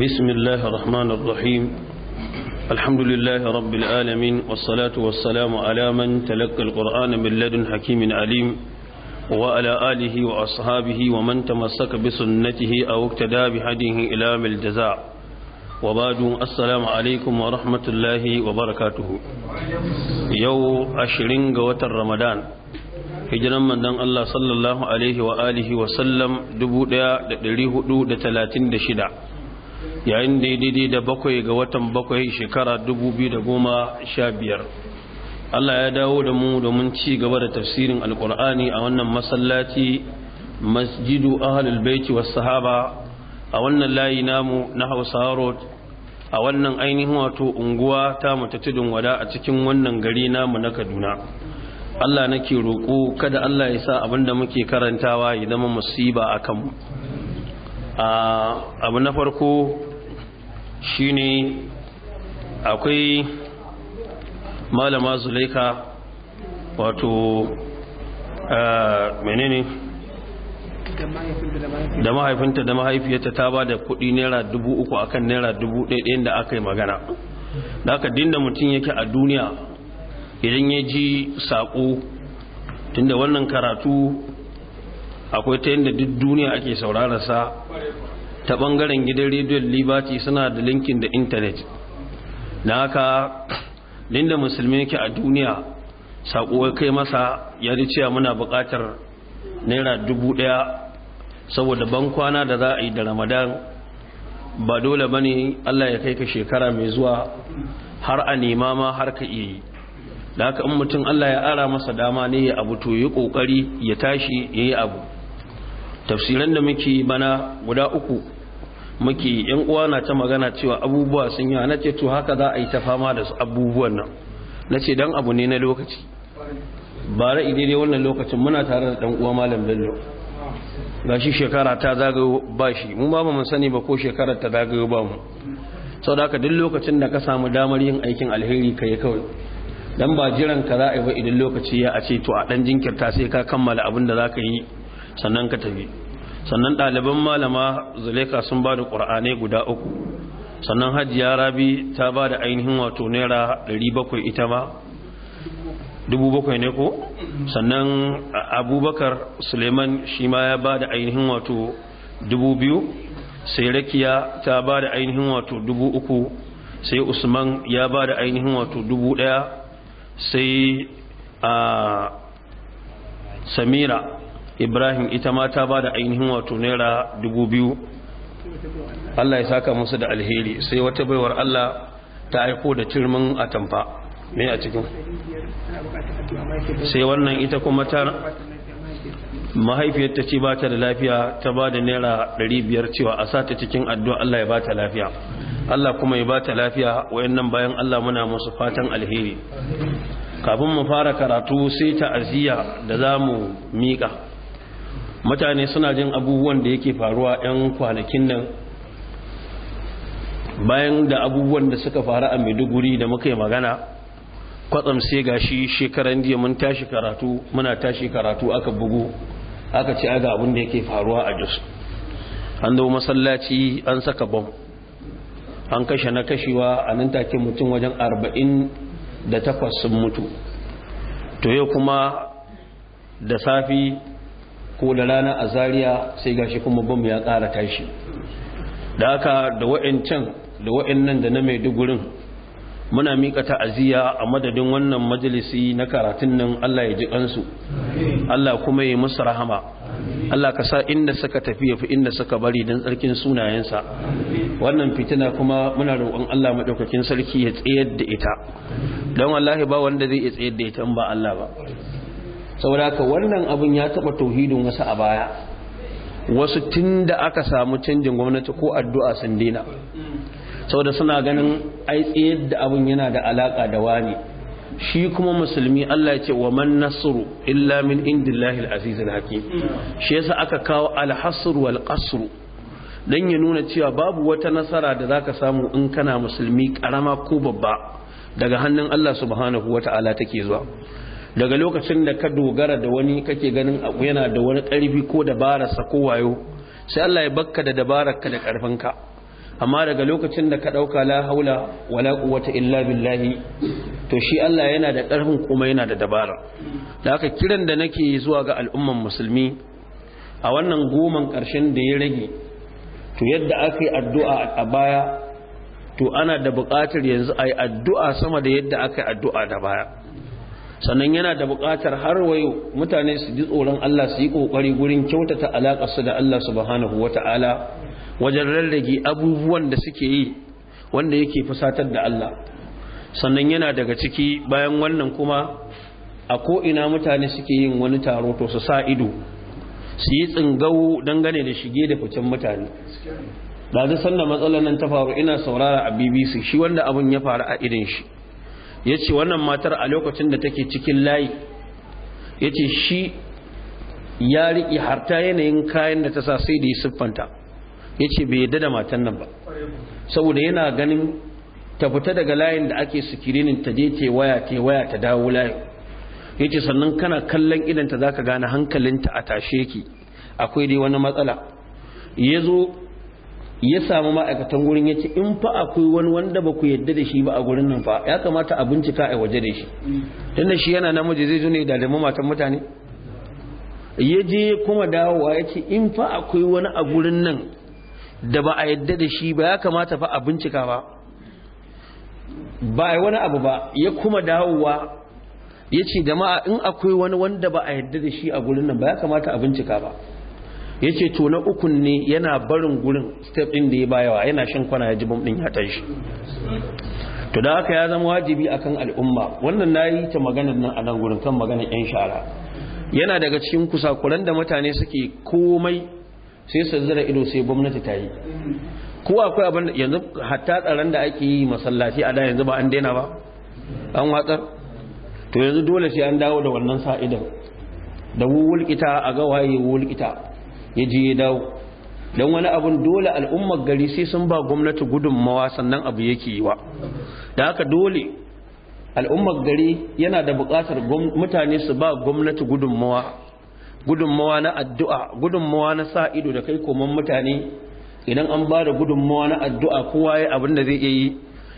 بسم الله الرحمن الرحيم الحمد لله رب العالمين والصلاة والسلام على من تلقى القرآن من لدن حكيم عليم وعلى آله وأصحابه ومن تمسك بسنته أو اقتدى بهديه إلى الجزاء وبعد السلام عليكم ورحمة الله وبركاته يو أشرين قوة رمضان hijiran mandan Allah sallallahu alaihi wa alihi wa sallam 1436 yayin daidai da bakwai ga watan bakwai shekara da goma sha biyar Allah ya dawo da mu domin ci gaba da tafsirin alkur'ani a wannan masallaci masjidu ahlul baiti was sahaba a wannan layi namu na Hausa road a wannan ainihin wato unguwa ta mu tudun wada a cikin wannan gari namu na Kaduna Allah nake roƙo kada Allah ya sa da muke karantawa ya zama musiba akan mu ah, abu na farko shine akwai malama zulaika wato ah, menene da mahaifinta da mahaifiyarta ta ba da kudi naira dubu uku akan naira dubu ɗaya da aka yi magana da aka dinda mutum yake a duniya idan ya ji saƙo tunda wannan karatu akwai ta yadda duk duniya ake saurararsa ta ɓangaren gidan rediyon liberty suna da linkin da intanet da haka linda musulmi yake a duniya saƙo kai masa ya ri cewa muna buƙatar naira dubu ɗaya saboda ban kwana da za a yi da ramadan ba dole ba ne allah ya kai ka shekara mai zuwa har a nema ma har ka iya yi da haka in mutum allah ya ara masa dama ne ya abu to yi ƙoƙari ya tashi ya yi abu tafsiran da muke bana guda uku muke yan uwa na ta magana cewa abubuwa sun yi na ce to haka za a yi ta fama da su abubuwan nan na ce dan abu ne na lokaci bara idai wannan lokacin muna tare da dan uwa malam bello Ga shi shekara ta zagayo ba shi mu ba mu sani ba ko shekarar ta zagayo ba mu sau da duk lokacin da ka samu damar yin aikin alheri ka yi kawai dan ba jiran ka za a yi ba idan lokaci ya a ce to a ɗan jinkirta sai ka kammala abin da za ka yi sannan ka tafi sannan ɗaliban malama zuleka sun ba da ƙur'anai guda uku sannan hajiya rabi ta ba da ainihin wato naira 700 ita ma 700 ne ko sannan abubakar suleiman shi ma ya ba da ainihin wato 2000 sai rakiya ta ba da ainihin wato 3000 sai usman ya ba da ainihin wato 1000 sai a ah, samira ibrahim ita ma ta ba da ainihin wato naira dubu biyu allah ya saka musu da alheri sai wata baiwar allah ta aiko da cirmin atamfa mai a cikin sai wannan ita kuma ta mahaifiyarta ce ba ta da lafiya ta ba da naira biyar cewa a sata cikin addu'a Allah ya ba ta lafiya Allah kuma ya ba ta lafiya wayannan bayan Allah muna musu fatan alheri kafin mu fara karatu sai ta aziya da za mu miƙa mutane suna jin abubuwan da yake faruwa 'yan kwanakin nan bayan da abubuwan da suka faru a maiduguri da muka yi magana kwatsam sai ga shi shekaran jiya mun tashi karatu muna tashi karatu aka bugu aka ci aga abin da yake faruwa a jos an dau masallaci an saka bom an kashe na kashewa a nan take mutum wajen arba'in da takwas sun mutu to yau kuma da safi ko da rana a zariya sai gashi kuma bom ya ƙara tashi da haka da wa'ancan da wa'annan da na maidugurin muna mika ta'aziyya a madadin wannan majalisi na karatun nan Allah ya ji kansu Allah kuma ya musu rahama Allah ka sa inda suka tafi yafi inda suka bari don tsarkin sunayensa wannan fitina kuma muna roƙon Allah maɗaukakin sarki ya tsayar da ita don wallahi ba wanda zai iya tsayar da ita ba Allah ba saboda ka wannan abin ya taba tauhidin wasu a baya wasu tun da aka samu canjin gwamnati ko addu'a sun dina saboda suna ganin ai tsayar da abin yana da alaka da wani shi kuma musulmi Allah ya ce wa man nasru illa min indillahi al-azizul hakim shi yasa aka kawo al-hasr wal qasr dan ya nuna cewa babu wata nasara da zaka samu in kana musulmi karama ko babba daga hannun Allah subhanahu wata'ala take zuwa daga lokacin da ka dogara da wani kake ganin abu yana da wani ƙarfi ko dabararsa ko wayo sai Allah ya bakka da dabararka da ƙarfinka amma daga lokacin da ka ɗauka la haula wala quwwata illa billahi to shi Allah yana da ƙarfin kuma yana da dabara da haka kiran da nake zuwa ga al'umman musulmi a wannan goman ƙarshen da ya rage to yadda aka addu'a a baya to ana da buƙatar yanzu a yi addu'a sama da yadda aka yi addu'a da baya sannan yana da buƙatar har wayo mutane su ji tsoron Allah su yi ƙoƙari gurin kyautata alaƙarsu da Allah subhanahu wata'ala wajen rarrage abubuwan da suke yi wanda yake fusatar da Allah sannan yana daga ciki bayan wannan kuma a ko'ina mutane suke yin wani taro to su sa ido su yi tsingau dangane da shige da ficen mutane da zai sannan matsalar nan ta faru ina saurara a bbc shi wanda abin ya faru a irin shi ya ce wannan matar a lokacin da take cikin layi ya ce shi ya riƙe harta yanayin kayan da ta sa sai da ya siffanta ya ce bai yadda da matan nan ba saboda yana ganin ta fita daga layin da ake sikirinin ta je te waya te waya ta dawo layin ya ce sannan kana kallon idanta za ka gane hankalinta a tashe ki akwai dai wani matsala ya zo ya samu ma'aikatan gurin ya ce in fa akwai wani wanda ba ku yadda da shi ba a gurin nan fa ya kamata a bincika a waje da shi tunda shi yana namiji zai zo ne da lamu matan mutane ya je kuma dawowa ya ce in fa akwai wani a gurin nan da ba a yadda da shi ba ya kamata fa a bincika ba ba wani abu ba ya kuma dawowa ya ce jama'a in akwai wani wanda ba a yadda da shi a gurin nan ba ya kamata a bincika ba ya ce to na ukun ne yana barin gurin step ɗin da ya bayawa yana shan kwana ya ji bam ɗin ya tashi to da haka ya zama wajibi akan al'umma wannan na yi ta maganar nan a nan gurin kan maganar yan shara yana daga cikin kusakuran da mutane suke komai sai su zira ido sai gwamnati ta yi ko akwai abin yanzu hatta tsaron da ake yi masallaci a da yanzu ba an daina ba an watsar to yanzu dole sai an dawo da wannan sa'idan da wulƙita a ga waye wulƙita. ya ji ya dawo don wani abun dole al'ummar gari sai sun ba gwamnati gudunmawa sannan abu yake yi wa da haka dole al'ummar gari yana da buƙatar mutane su ba gwamnati gudunmawa gudunmawa na addu'a gudunmawa na sa ido da kai koman mutane idan an ba da gudunmawa na addu'a kowa ya abin da zai iya yi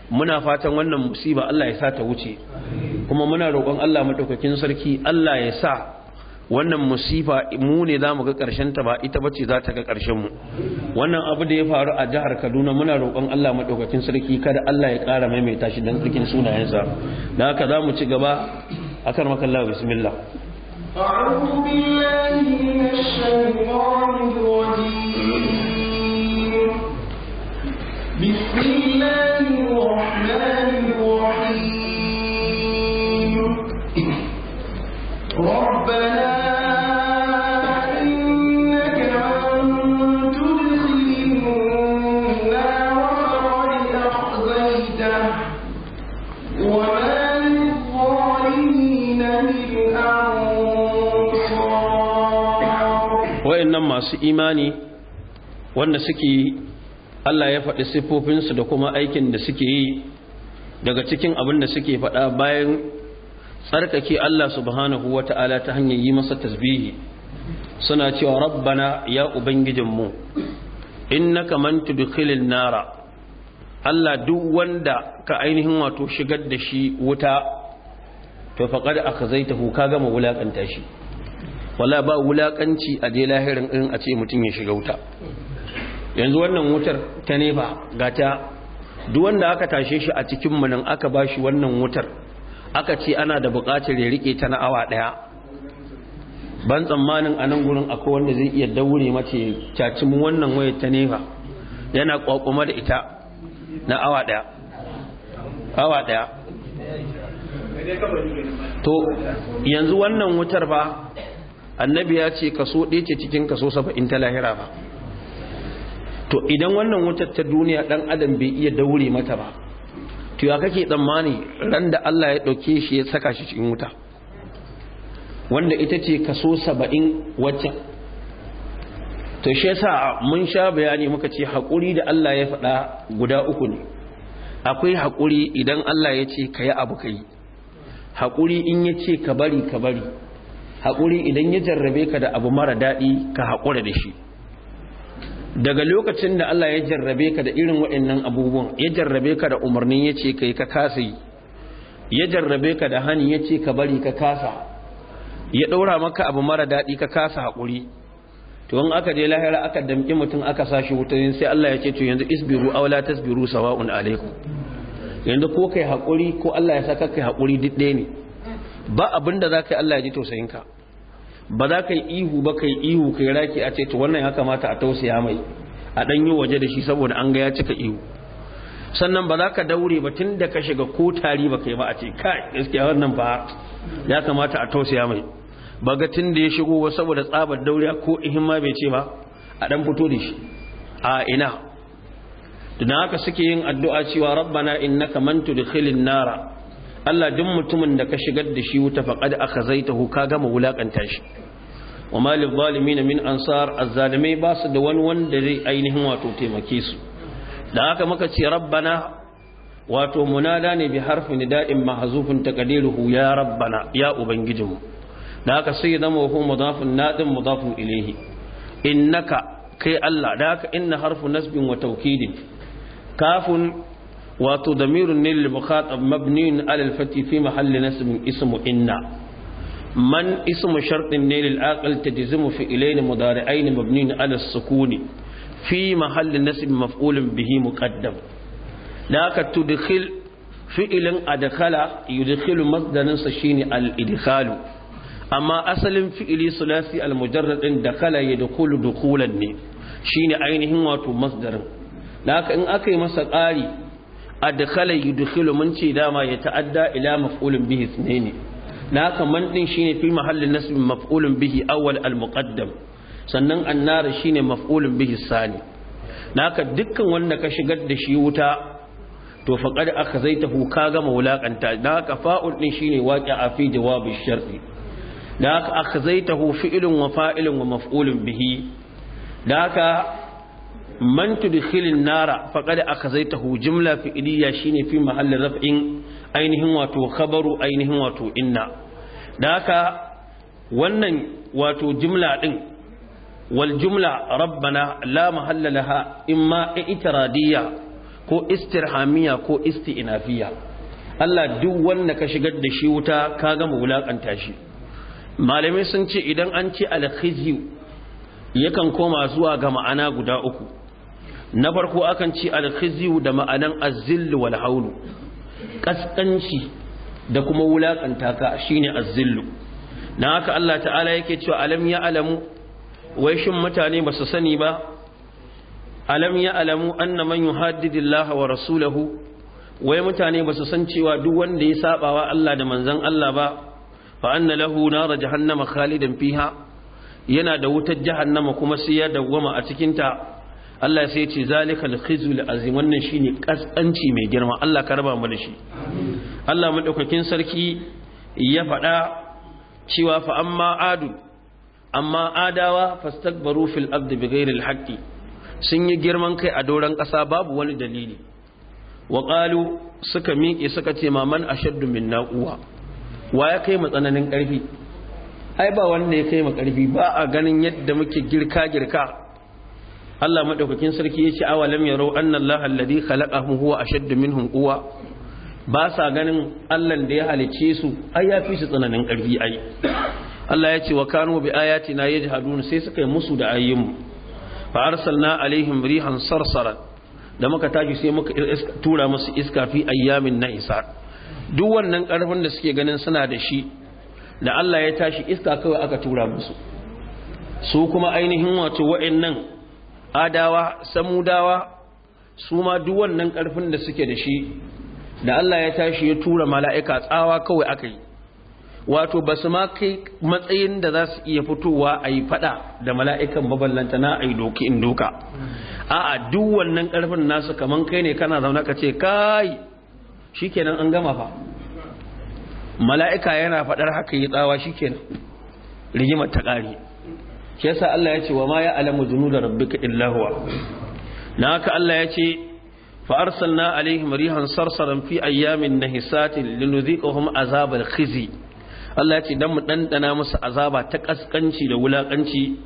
muna fatan wannan musiba Allah ya sa ta wuce kuma muna roƙon Allah maɗaukakin sarki Allah ya sa wannan musifa mu ne za mu ga ƙarshen ta ba ita bace za ta ga ƙarshen mu wannan abu da ya faru a jihar Kaduna muna roƙon Allah maɗaukacin sarki kada Allah ya ƙara maimaita shi dan sarkin sunayensa dan haka za mu ci gaba akan makalla bismillah أعوذ بالله wayannan masu imani wanda suke Allah ya faɗi siffofinsu da kuma aikin da suke yi daga cikin abin da suke faɗa bayan tsarkake Allah subhanahu wa ta'ala ta hanyar yi masa tasbihi suna cewa rabbana ya ubangijin ubangijinmu innaka man tudkhilin nara Allah duk wanda ka ainihin wato shigar da shi wuta to faqad akhzaytahu ka gama wulakanta shi wala ba wulakanci a je lahirin in a ce mutum ya shiga wuta yanzu wannan wutar ta nefa gata duk wanda aka tashe shi a cikin munin aka bashi wannan wutar aka ce ana da buƙatar ya rike ta na awa ɗaya ban tsammanin a nan gurin akwai wanda zai iya daure mace cacin wannan wayar ta nefa yana kwakuma da ita na awa ɗaya awa ɗaya to yanzu wannan wutar ba annabi ya ce kaso ɗaya ce cikin kaso saba'in ta lahira ba to idan wannan wutar ta duniya ɗan adam bai iya daure mata ba to ya kake tsammani ran da Allah ya ɗauke shi ya saka shi cikin wuta wanda ita ce kaso saba'in wacce to shi yasa mun sha bayani muka ce hakuri da Allah ya faɗa guda uku ne akwai hakuri idan Allah ya ce ka yi abu ka yi haƙuri in ya ce ka bari ka bari haƙuri idan ya jarrabe ka da abu mara daɗi ka haƙura da shi daga lokacin da Allah ya jarrabe ka da irin waɗannan abubuwan ya jarrabe ka da umarnin ya ce ka yi ka kasa yi ya jarrabe ka da hani ya ce ka bari ka kasa ya ɗaura maka abu mara daɗi ka kasa haƙuri to in aka je lahira aka damƙi mutum aka sa shi wuta sai Allah ya ce to yanzu isbiru aw la tasbiru sawa'un alaikum yanzu ko kai haƙuri ko Allah ya saka kai haƙuri duk ɗaya ne ba abin da za yi Allah ya ji tausayin ka ba za ka yi ihu ba ka yi ihu kai raki a ce to wannan ya kamata a tausaya mai a dan yi waje da shi saboda an ga ya cika ihu sannan ba za ka daure ba tun da ka shiga ko tari ba kai ba a ce kai gaskiya wannan ba ya kamata a tausaya mai ba ga tun da ya shigo ba saboda tsabar daure ko ihimma bai ce ba a dan fito da shi a ina dan haka suke yin addu'a cewa rabbana innaka man tudkhilin nara Allah duk mutumin da ka shigar da shi wuta faqad akhazaitahu ka gama wulakanta shi wa malil zalimin min ansar azzalimai ba su da wani wanda zai ainihin wato taimake su da haka muka ce rabbana wato munada ne bi harfin nida'in mahzufun taqdiruhu ya rabbana ya ubangijinmu da haka sai zama hu mudafun nadin mudafun ilayhi innaka kai Allah da haka inna harfu nasbin wa tawkidin kafun wato damirun ne lil mukhatab mabniun fati fi mahalli nasb ismu inna man ismu shartin ne lil ta tajzimu fi ilayni mudari'ain mabniun ala as-sukuni fi mahalli nasb mafulin bihi muqaddam la ka tudkhil fi'ilin adkhala yudkhilu masdarin sa shine al-idkhalu amma asalin fi'ili sulasi al-mujarrad din dakhala yadkhulu dukhulan ne shine ainihin wato masdarin da haka in aka yi masa ƙari adkhala yudkhilu mun ce dama ya ta'adda ila maf'ulun bihi sunaini na haka man din shine fi mahallin nasb maf'ulun bihi awwal al muqaddam sannan annar shine maf'ulun bihi sani na haka dukkan wanda ka shigar da shi wuta to faqad akhazaitahu ka gama wulakanta na fa'ul din shine waqi'a fi jawabi sharti da haka akhazaitahu fi'lun wa fa'ilun wa maf'ulun bihi da man tudkhilin nara faqad akhazaytahu jumla fi'liya shine fi mahalli raf'in ainihin wato khabaru ainihin wato inna da haka wannan wato jumla din wal jumla rabbana la mahalla laha imma i'tiradiyya ko istirhamiyya ko isti'nafiyya Allah duk wanda ka shigar da shi wuta ka gama wulakanta shi malamai sun ce idan an ce al-khizyu yakan koma zuwa ga ma'ana guda uku na farko akan ce alkhiziyu da ma'anan azzillu wal haulu kaskanci da kuma wulakanta ka shine azzillu na haka Allah ta'ala yake cewa alam ya alamu wai shin mutane ba su sani ba alam ya alamu anna man yuhaddidillaha wa rasulahu wai mutane ba su san cewa duk wanda ya sabawa Allah da manzon Allah ba fa anna lahu nar jahannama khalidan fiha yana da wutar jahannama kuma sai ya dawwama a cikin ta Allah sai ya ce zalikal khizul azim wannan shine kasanci mai girma Allah ka raba mu da shi Allah madaukakin sarki ya faɗa cewa fa amma adu amma adawa fastakbaru fil abdi bighairil haqqi sun yi girman kai a doron ƙasa babu wani dalili waƙalu suka miƙe suka ce maman ashaddu min na'uwa wa ya kai matsananin ƙarfi ai ba wanda ya kai mu karfi ba a ganin yadda muke girka girka Allah madaukakin sarki ya ce awalam yaro anna Allah alladhi khalaqahu huwa ashadd minhum quwa ba sa ganin Allah da ya halice su ai ya fi su tsananin karfi ai Allah ya ce wa kanu bi ayatina yajhadun sai suka yi musu da ayyun fa arsalna alaihim rihan sarsara da muka tashi sai muka tura musu iska fi ayyamin na isa duk wannan karfin da suke ganin suna da shi da Allah ya tashi iska kawai aka tura musu su kuma ainihin wato wa'annan adawa samudawa su ma duk wannan karfin da suke da shi da Allah ya tashi ya tura mala'ika tsawa kawai aka yi wato ba su ma kai matsayin da za su iya fitowa a yi fada da mala'ikan maballanta na a yi doki in doka a'a duk wannan karfin nasu kaman kai ne kana zaune ka ce kai kenan an gama fa mala'ika yana faɗar haka yi tsawa shi kenan rigimar ta ƙari shi yasa Allah ya ce wa ma ya alamu zunu da rabbika illahuwa na haka Allah ya ce fa'arsalna alaihim rihan sarsaran fi ayyamin na hisatin linuziƙahum azabar khizi Allah ya ce don mu ɗanɗana musu azaba ta ƙasƙanci da wulaƙanci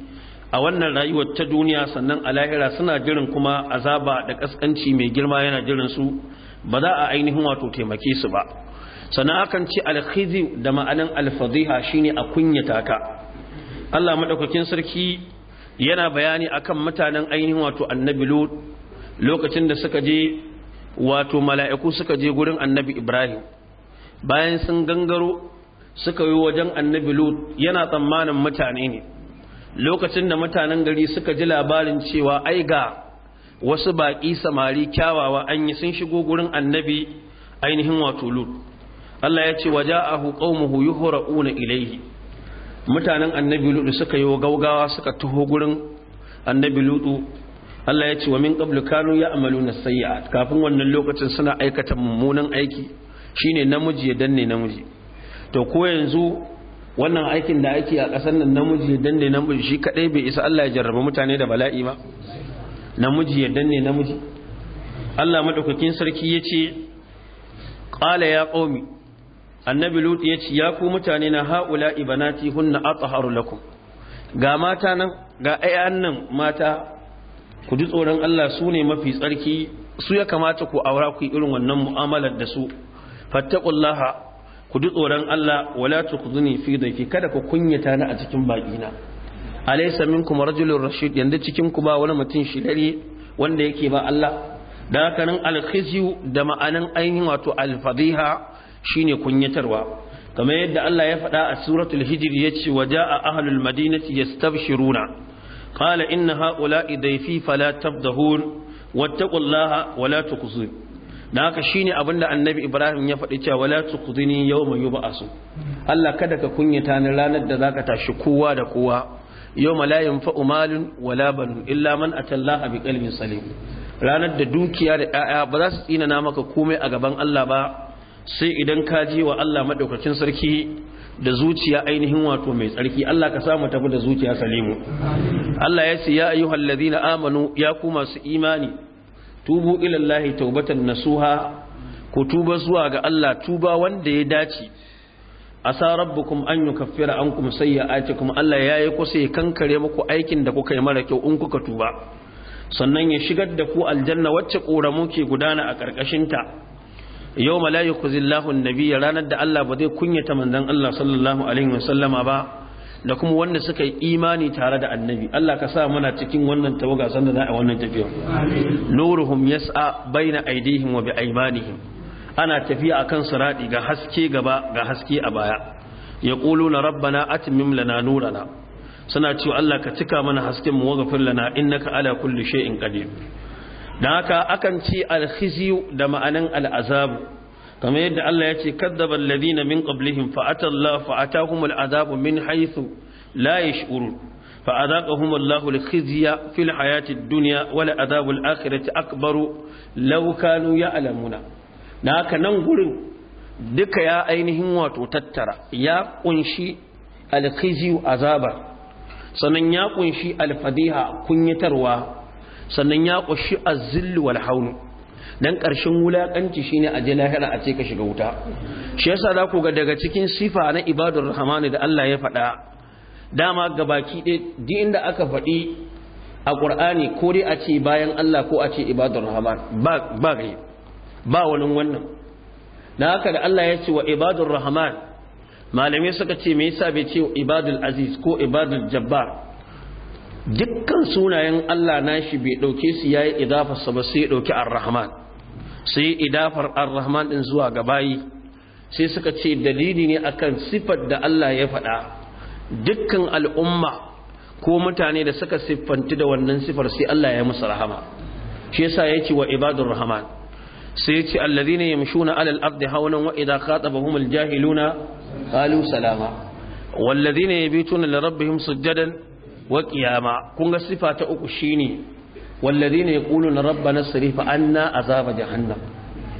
a wannan rayuwar ta duniya sannan a lahira suna jiran kuma azaba da kaskanci mai girma yana jiran su ba za a ainihin wato taimake su ba sannan akan ce alkhizi da ma'anan alfadiha shine a kunyata ka Allah madaukakin sarki yana bayani akan mutanen ainihin wato annabi lut lokacin da suka je wato mala'iku suka je gurin annabi ibrahim bayan sun gangaro suka yi wajen annabi lut yana tsammanin mutane ne lokacin da mutanen gari suka ji labarin cewa ai ga wasu baƙi samari kyawawa an yi sun shigo gurin annabi ainihin wato lut Allah ya ce waja'ahu qaumuhu yuhra'una ilayhi mutanen annabi ludu suka yi gaugawa suka taho gurin annabi ludu Allah ya ce wa min qablu kanu ya'maluna sayyi'at kafin wannan lokacin suna aikata mummunan aiki shine namiji ya danne namiji to ko yanzu wannan aikin da ake a ƙasar nan namiji ya danne namiji shi kadai bai isa Allah ya jarraba mutane da bala'i ba namiji ya danne namiji Allah madaukakin sarki ya ce qala ya qaumi annabi lut ya ce ya ku mutane na haula ibanati hunna athaharu lakum ga mata nan ga ayan nan mata ku ji tsoron Allah su ne mafi tsarki su ya kamata ku aura ku irin wannan mu'amalar da su fattaqullaha ku ji tsoron Allah wala tukhzuni fi dhiki kada ku kunyata na a cikin na alaysa minkum rajulun rashid yanda cikin ku ba wani mutum shi dare wanda yake ba Allah da haka da ma'anin ainihin wato alfadhiha shine kunyatarwa kamar yadda Allah ya faɗa a suratul hijr yace waja'a ahlul madinati yastabshiruna qala inna haula'i dayfi fala tabdahun wattaqullaha wala tukhzun dan haka shine abinda annabi Ibrahim ya faɗi cewa wala tukhzini yawma yub'asu Allah kada ka kunyata ni ranar da zaka tashi kowa da kowa yawma la yanfa'u malun wala banun illa man atallaha biqalbin salim ranar da dukiya da 'ya'ya ba za su tsina na maka komai a gaban Allah ba sai idan ka je wa Allah madaukakin sarki da zuciya ainihin wato mai tsarki Allah ka samu tafi da zuciya salimu Allah ya ce ya ayyuhal ladina amanu ya ku masu imani tubu ila Allah taubatan nasuha ku tuba zuwa ga Allah tuba wanda ya dace asa rabbukum an yukaffira ankum sayyi'atikum Allah ya yi kusa ya kankare muku aikin da kuka yi mara kyau in kuka tuba sannan ya shigar da ku aljanna wacce koramu ke gudana a karkashin ta yau ma ku yukhzi Allahu nabiyya ranar da Allah ba zai kunyata manzan Allah sallallahu alaihi wasallama ba da kuma wanda suka yi imani tare da annabi Allah ka sa mana cikin wannan tawaga sanda za a wannan tafiya nuruhum yas'a baina a wa biaymanihim ana tafiya akan sirati ga haske gaba ga haske a baya yaquluna rabbana atmim lana nurana suna cewa Allah ka cika mana hasken mu waghfir lana innaka ala kulli shay'in qadir don haka akan ce alkhiziyu da ma'anan al'azabu kamar yadda Allah ya ce kaddaba alladhina min qablihim fa atalla fa min haythu la yash'urun fa adaqahum Allah al hayati duniya dunya wal adabu akhirati akbaru law kanu ya'lamuna dan haka nan gurin duka ya ainihin wato tattara ya kunshi al azabar azaba sannan ya kunshi alfadiha kunyatarwa sannan ya ƙushi zillu wal haunu dan ƙarshen wulaƙanci shine a je lahira a ce shiga wuta shi yasa za ku ga daga cikin sifa na ibadun rahamani da Allah ya faɗa dama gabaki ɗaya di inda aka faɗi a ƙur'ani ko dai a ce bayan Allah ko a ce ibadun rahamani ba ba ba wani wannan Na haka da Allah ya ce wa ibadun rahamani malamai suka ce me yasa bai ce ibadul aziz ko ibadul jabbar dukkan sunayen Allah nashi bai ɗauke su yayi idafarsa ba sai ya ɗauki ar-rahman sai idafar ar-rahman din zuwa gabayi sai suka ce dalili ne akan sifar da Allah ya faɗa dukkan al'umma ko mutane da suka siffanti da wannan sifar sai Allah ya musu rahama shi yasa yake wa ibadur rahman sai yace alladhina yamshuna alal ardi hawlan wa idha khatabahum al-jahiluna qalu salama والذين يبيتون لربهم سجدا wa kiyama kun ga sifa ta uku shine wallazina yaquluna rabbana sarif anna azaba jahannam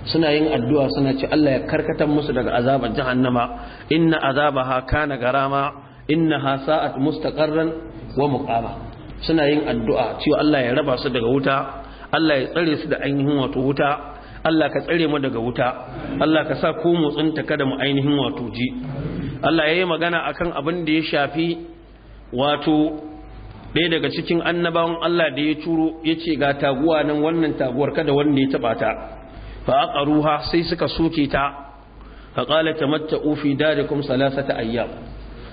suna yin addu'a suna ce Allah ya karkatar musu daga azaban jahannama inna azabaha kana garama innaha sa'at mustaqarran wa muqama suna yin addu'a cewa Allah ya raba su daga wuta Allah ya tsare su da ainihin wato wuta Allah ka tsare mu daga wuta Allah ka sa ku motsin kada mu ainihin wato ji Allah ya yi magana akan abin da ya shafi wato ɗaya daga cikin annabawan Allah da ya curo ya ce ga taguwa nan wannan taguwar kada wanda ya taɓa ta fa ruha sai suka soke ta fa qala da fi salasa ta ayyam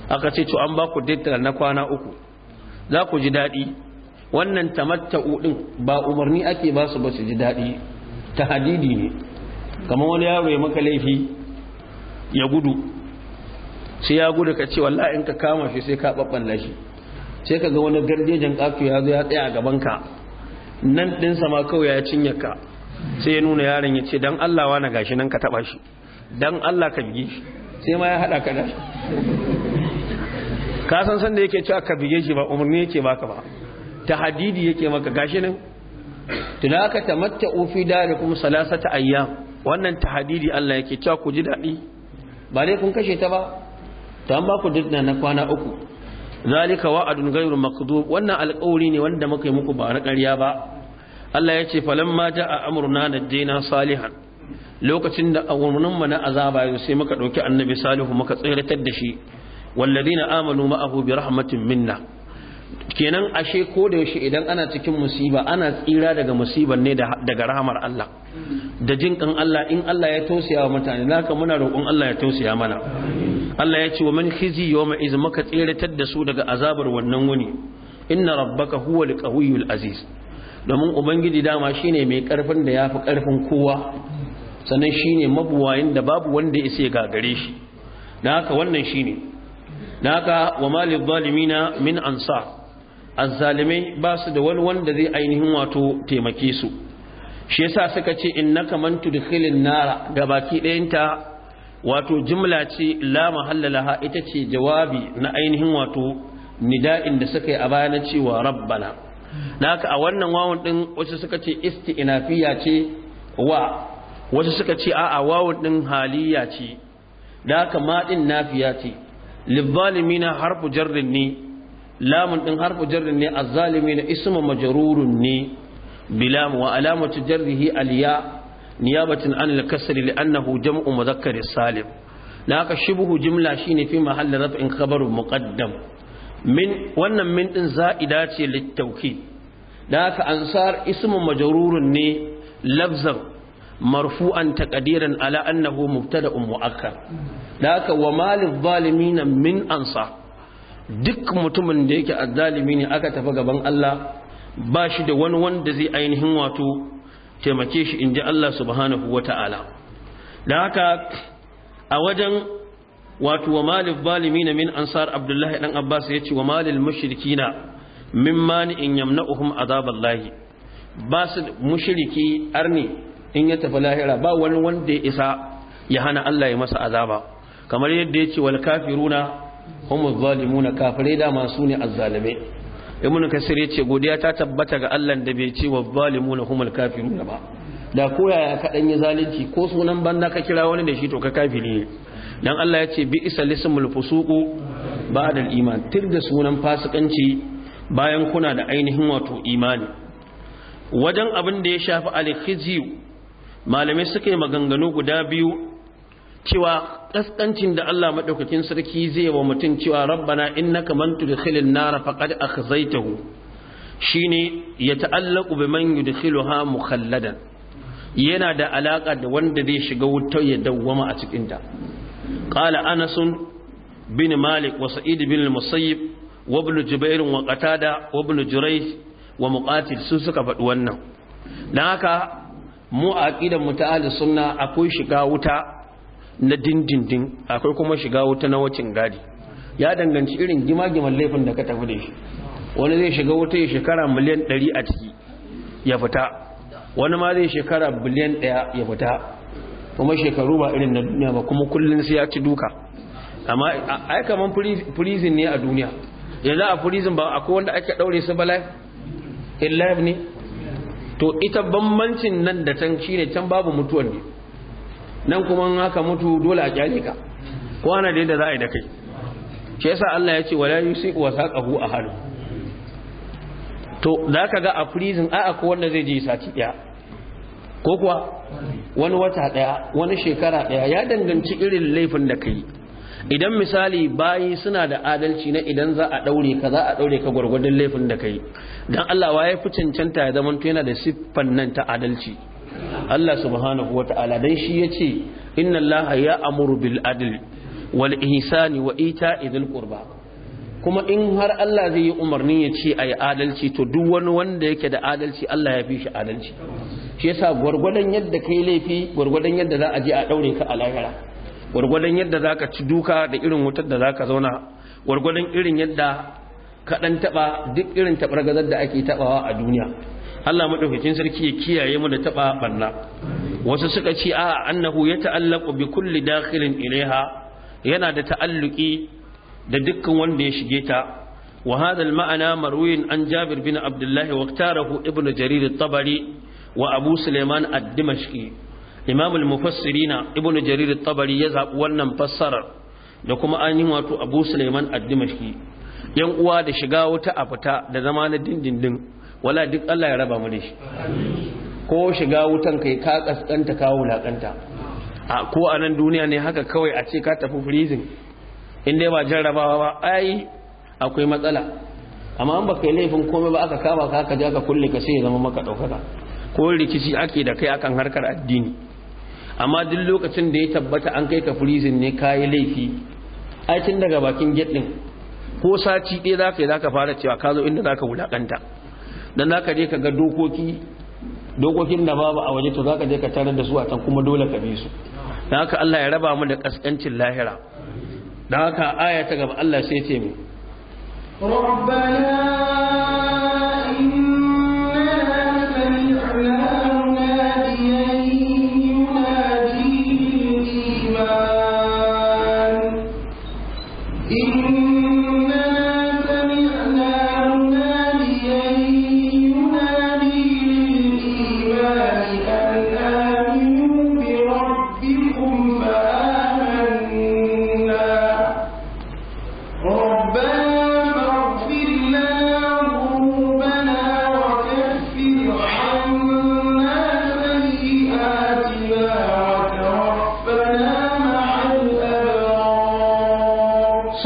aka ce to an ba ku na kwana uku za ku ji daɗi wannan tamatta'u din ba umarni ake ba su ba su ji daɗi ta hadidi ne kamar wani yaro ya maka laifi ya gudu sai ya gudu ka ce wallahi in ka kama shi sai ka babban shi sai ka ga wani garjejen ƙafi ya zo ya tsaya a gaban ka nan ɗinsa ma kawai ya cinye ka sai ya nuna yaron ya ce dan Allah wa na gashi nan ka taɓa shi dan Allah ka bige shi sai ma ya haɗa ka da ka san san da yake cewa ka bige shi ba umarni yake baka ba ta hadidi yake maka gashi nan tuna ka tamatta ofi dare kuma salasata ayyam wannan ta hadidi Allah yake cewa ku ji daɗi ba dai kun kashe ta ba ta an ba ku na kwana uku zalika wa'adun ghairu makdub wannan alƙawari ne wanda muka yi muku ba na ƙarya ba Allah ya ce falamma ja'a amruna najjina salihan lokacin da umurnin mu na azaba yau sai muka dauki annabi salihu muka tsiratar da shi walladina amanu ma'ahu bi rahmatin minna kenan ashe ko da yaushe idan ana cikin musiba ana tsira daga musibar ne daga rahamar Allah da jin kan Allah in Allah ya tausaya wa mutane naka muna roƙon Allah ya tausaya mana Allah ya ce wa man khizi yawma iz maka tseratar da su daga azabar wannan wuni inna rabbaka huwa alqawiyul aziz domin ubangiji dama shine mai karfin da yafi karfin kowa sannan shine mabuwayin da babu wanda ya ga gagare shi dan haka wannan shine dan haka wa malil zalimina min ansa. azzalimai ba su da wani wanda zai ainihin wato taimake su shi yasa suka ce innaka man tudkhilin nara ga baki ɗayanta wato jimla ce la mahallalaha ita ce jawabi na ainihin wato nida'in da suka yi a baya na cewa rabbana da haka a wannan wawan din wasu suka ce isti'nafiya ce wa wasu suka ce a'a wawan din haliya ce da haka ma din nafiya ce na harfu jarrin ne lamun din harfu jarrin ne azzalimina ismu majrurun ne bilam wa alamatu jarrihi aliya niyabatin an al-kasri li'annahu jam'u mudhakkar salim da haka shibhu jumla shine fi mahalli raf'in khabaru muqaddam min wannan min din za'ida ce littauki da haka ansar ismun majrurun ne lafzan marfu'an taqdiran ala annahu mubtada'un mu'akkar da haka wa malil zalimin min ansa duk mutumin da yake azzalimi ne aka tafi gaban Allah ba shi da wani wanda zai ainihin wato taimake shi in ji Allah subhanahu wa ta'ala da haka a wajen wato wa malif na min ansar abdullahi dan abbas ya ce wa malil mushrikina min mani'in yamna'uhum azaballahi ba su mushriki arni in ya tafi lahira ba wani wanda ya isa ya hana Allah ya masa azaba kamar yadda ya ce wal kafiruna humuz zalimuna kafirai da masu ne azzalime ibnu kasir ce godiya ta tabbata ga Allah da bai ce wa wazzalimuna humul kafirun ba da koyaya ya ya yi zalunci ko sunan banda ka kira wani da shi to ka kafiri ne dan Allah yace bi isal ismul fusuqu ba'da al iman tir da sunan fasikanci bayan kuna da ainihin wato imani wajen abin da ya shafi al malamai suka yi maganganu guda biyu cewa kaskancin da Allah maɗaukacin sarki zai wa mutum cewa rabbana innaka man tudkhilin nar faqad akhzaytahu shine ya ta'allaqu biman yudkhiluha mukhalladan yana da alaka da wanda zai shiga wuta ya dawwama a cikin ta qala anas bin malik wa sa'id bin al-musayyib wa ibn jubair wa qatada wa ibn wa muqatil su suka faɗi wannan dan haka mu aqidan mu ta sunna akwai shiga wuta na dindindin akwai kuma shiga wuta na wacin gadi ya danganci irin gima-giman laifin da ka tafi da shi wani zai shiga wuta ya shekara miliyan 100 a ciki ya fita wani ma zai shekara biliyan 1 ya fita kuma shekaru ba irin na duniya ba kuma kullum sai ya ci duka amma ai kaman prison ne a duniya yanzu a prison ba akwai wanda ake daure su ba life in life ne to ita bambancin nan da can shine can babu mutuwar ne nan kuma haka mutu dole a kyale ka ko ana da yadda za a yi da kai shi yasa Allah ya ce wala yusiku wasaqahu ahad to ka ga a prison a akwai wanda zai je sati daya ko kuwa wani wata daya wani shekara daya ya danganci irin laifin da kai idan misali bayi suna da adalci na idan za a daure ka za a daure ka gurgurdin laifin da kai dan Allah wa ya fi cancanta ya zama yana da siffan nan ta adalci Allah subhanahu wata'ala dan shi ya ce, inna Allah ya amuru bil adil wal ihsani wa ita idil qurba kuma in har Allah zai yi umarni ya ce ayi adalci to duk wani wanda yake da adalci Allah ya fi shi adalci shi yasa gwargwadon yadda kai laifi gwargwadon yadda za a je a daure ka a lahira gwargwadon yadda za ka ci duka da irin wutar da za zauna gwargwadon irin yadda ka dan taɓa duk irin taɓar gazar da ake taɓawa a duniya Allah madaukakin sarki ya kiyaye mu da taba banna wasu suka ce a annahu ya ta'allaku bi kulli dakhilin ilaiha yana da ta'alluki da dukkan wanda ya shige ta wa hadha al-ma'ana maruyin an Jabir bin Abdullah wa iktarahu Ibn Jarir at-Tabari wa Abu Sulaiman ad-Dimashqi Imam al-Mufassirina Ibn Jarir tabari ya zabi wannan fassarar da kuma an yi wato Abu Sulaiman ad-Dimashqi yan uwa da shiga wata afita da zama na dindindin wala duk Allah ya raba mu da shi ko shiga wutan kai ka kaskanta ka wulakanta a ko a nan duniya ne haka kawai a ce ka tafi freezing in dai ba jarrabawa ba ai akwai matsala amma an baka laifin komai ba aka kama ka aka ja ka kulle ka sai ya zama maka ɗaukaka ko rikici ake da kai akan harkar addini amma duk lokacin da ya tabbata an kai ka freezing ne ka yi laifi ai tun daga bakin gate din ko sati ɗaya za ka yi za ka fara cewa ka zo inda za ka wulaƙanta dan zaka je ka ga dokoki dokokin da babu a waje to zaka je ka tarar da su a can kuma dole ka bi su dan haka Allah ya raba mu da kaskancin lahira dan haka aya ta gaba Allah sai ce mu inna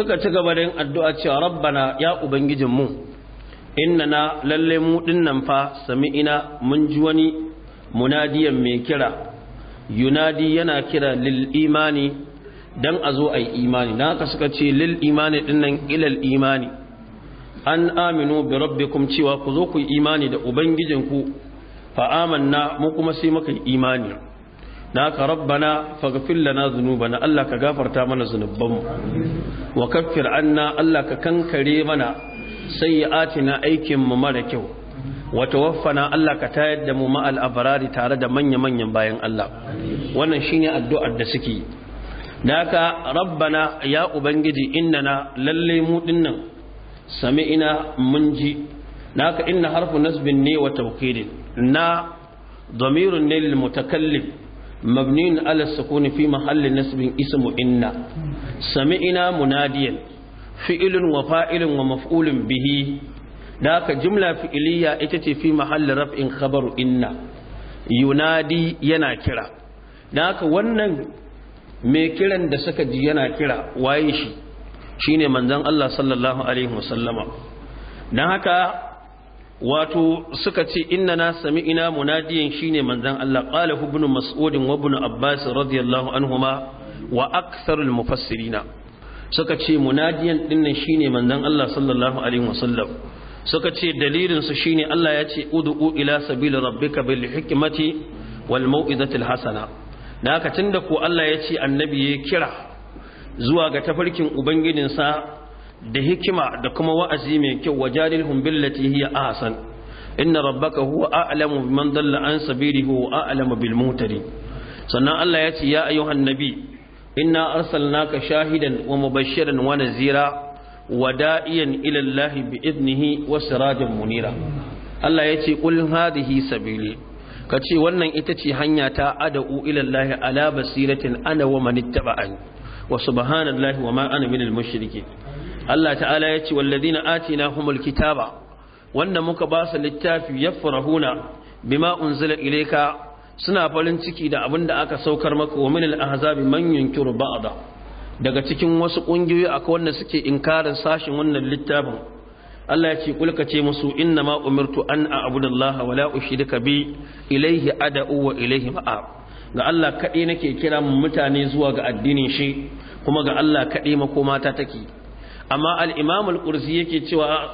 suka ci gaba da yin addu'a cewa rabbana ya ubangijin mu innana lalle mu dinnan fa sami'ina mun ji wani munadiyan mai kira yunadi yana kira lil imani dan a zo ai imani na haka suka ce lil imani dinnan ilal imani an aminu bi rabbikum cewa ku zo ku imani da ubangijinku fa amanna mu kuma sai muka imani naka rabbana faghfir lana dhunubana Allah ka gafarta mana mu. wa kaffir anna Allah ka kankare mana sayyi'atina aikin mu mara kyau wa tawaffana Allah ka tayar da mu ma al-abrari tare da manya-manyan bayan Allah wannan shine addu'ar da suke yi naka rabbana ya ubangiji innana lalle mu dinnan sami'ina mun ji naka inna harfu nasbin ne wa tawkidin na lil mutakallim مبني على السكون في محل نسب اسم إن سمعنا مناديا فعل وفاعل ومفعول به ذاك جملة فعلية اتتي في محل رفع خبر إن ينادي يناكرا ذاك ونن mai kiran da suka ji yana kira waye shi shine manzon Allah sallallahu alaihi wasallama dan haka wato suka ce inna na sami ina munadiyan shine manzon Allah qala ibn mas'ud wa ibn abbas radiyallahu anhuma wa aktharul mufassirina suka ce munadiyan dinnan shine manzon Allah sallallahu alaihi wasallam suka ce dalilin su shine Allah ya ce ud'u ila sabil rabbika bil hikmati wal mau'izatil hasana naka haka tunda ko Allah ya ce annabi ya kira zuwa ga tafarkin ubangijinsa da hikima da kuma wa'azi mai kyau wajadilhum billati hiya ahsan inna rabbaka huwa a'lamu biman dalla an sabilihi wa a'lamu bil mutari sannan Allah ya ce ya ayyuhan nabi inna arsalnaka shahidan wa mubashiran wa nazira wa da'iyan ila Allah bi idnihi wa sirajan munira Allah ya ce qul hadhihi sabili kace wannan ita ce hanya ta ad'u ila Allah ala basiratin ana wa man wa subhanallahi wa ma ana minal mushrikin Allah ta'ala ya ce wallazina na humul kitaba wanda muka ba su littafi yafrahuna bima unzila ileka suna farin ciki da abin da aka saukar maka wa min ahzabi man yunkiru ba'da daga cikin wasu kungiyoyi akwai wanda suke inkarin sashin wannan littafin Allah ya ce kulka ce musu inna ma umirtu an a'budallaha wa la ushrika bi ilayhi ad'u wa ilayhi ma'ab ga Allah kaɗai nake kira mutane zuwa ga addinin shi kuma ga Allah kaɗai makomata take amma alimamul imam yake cewa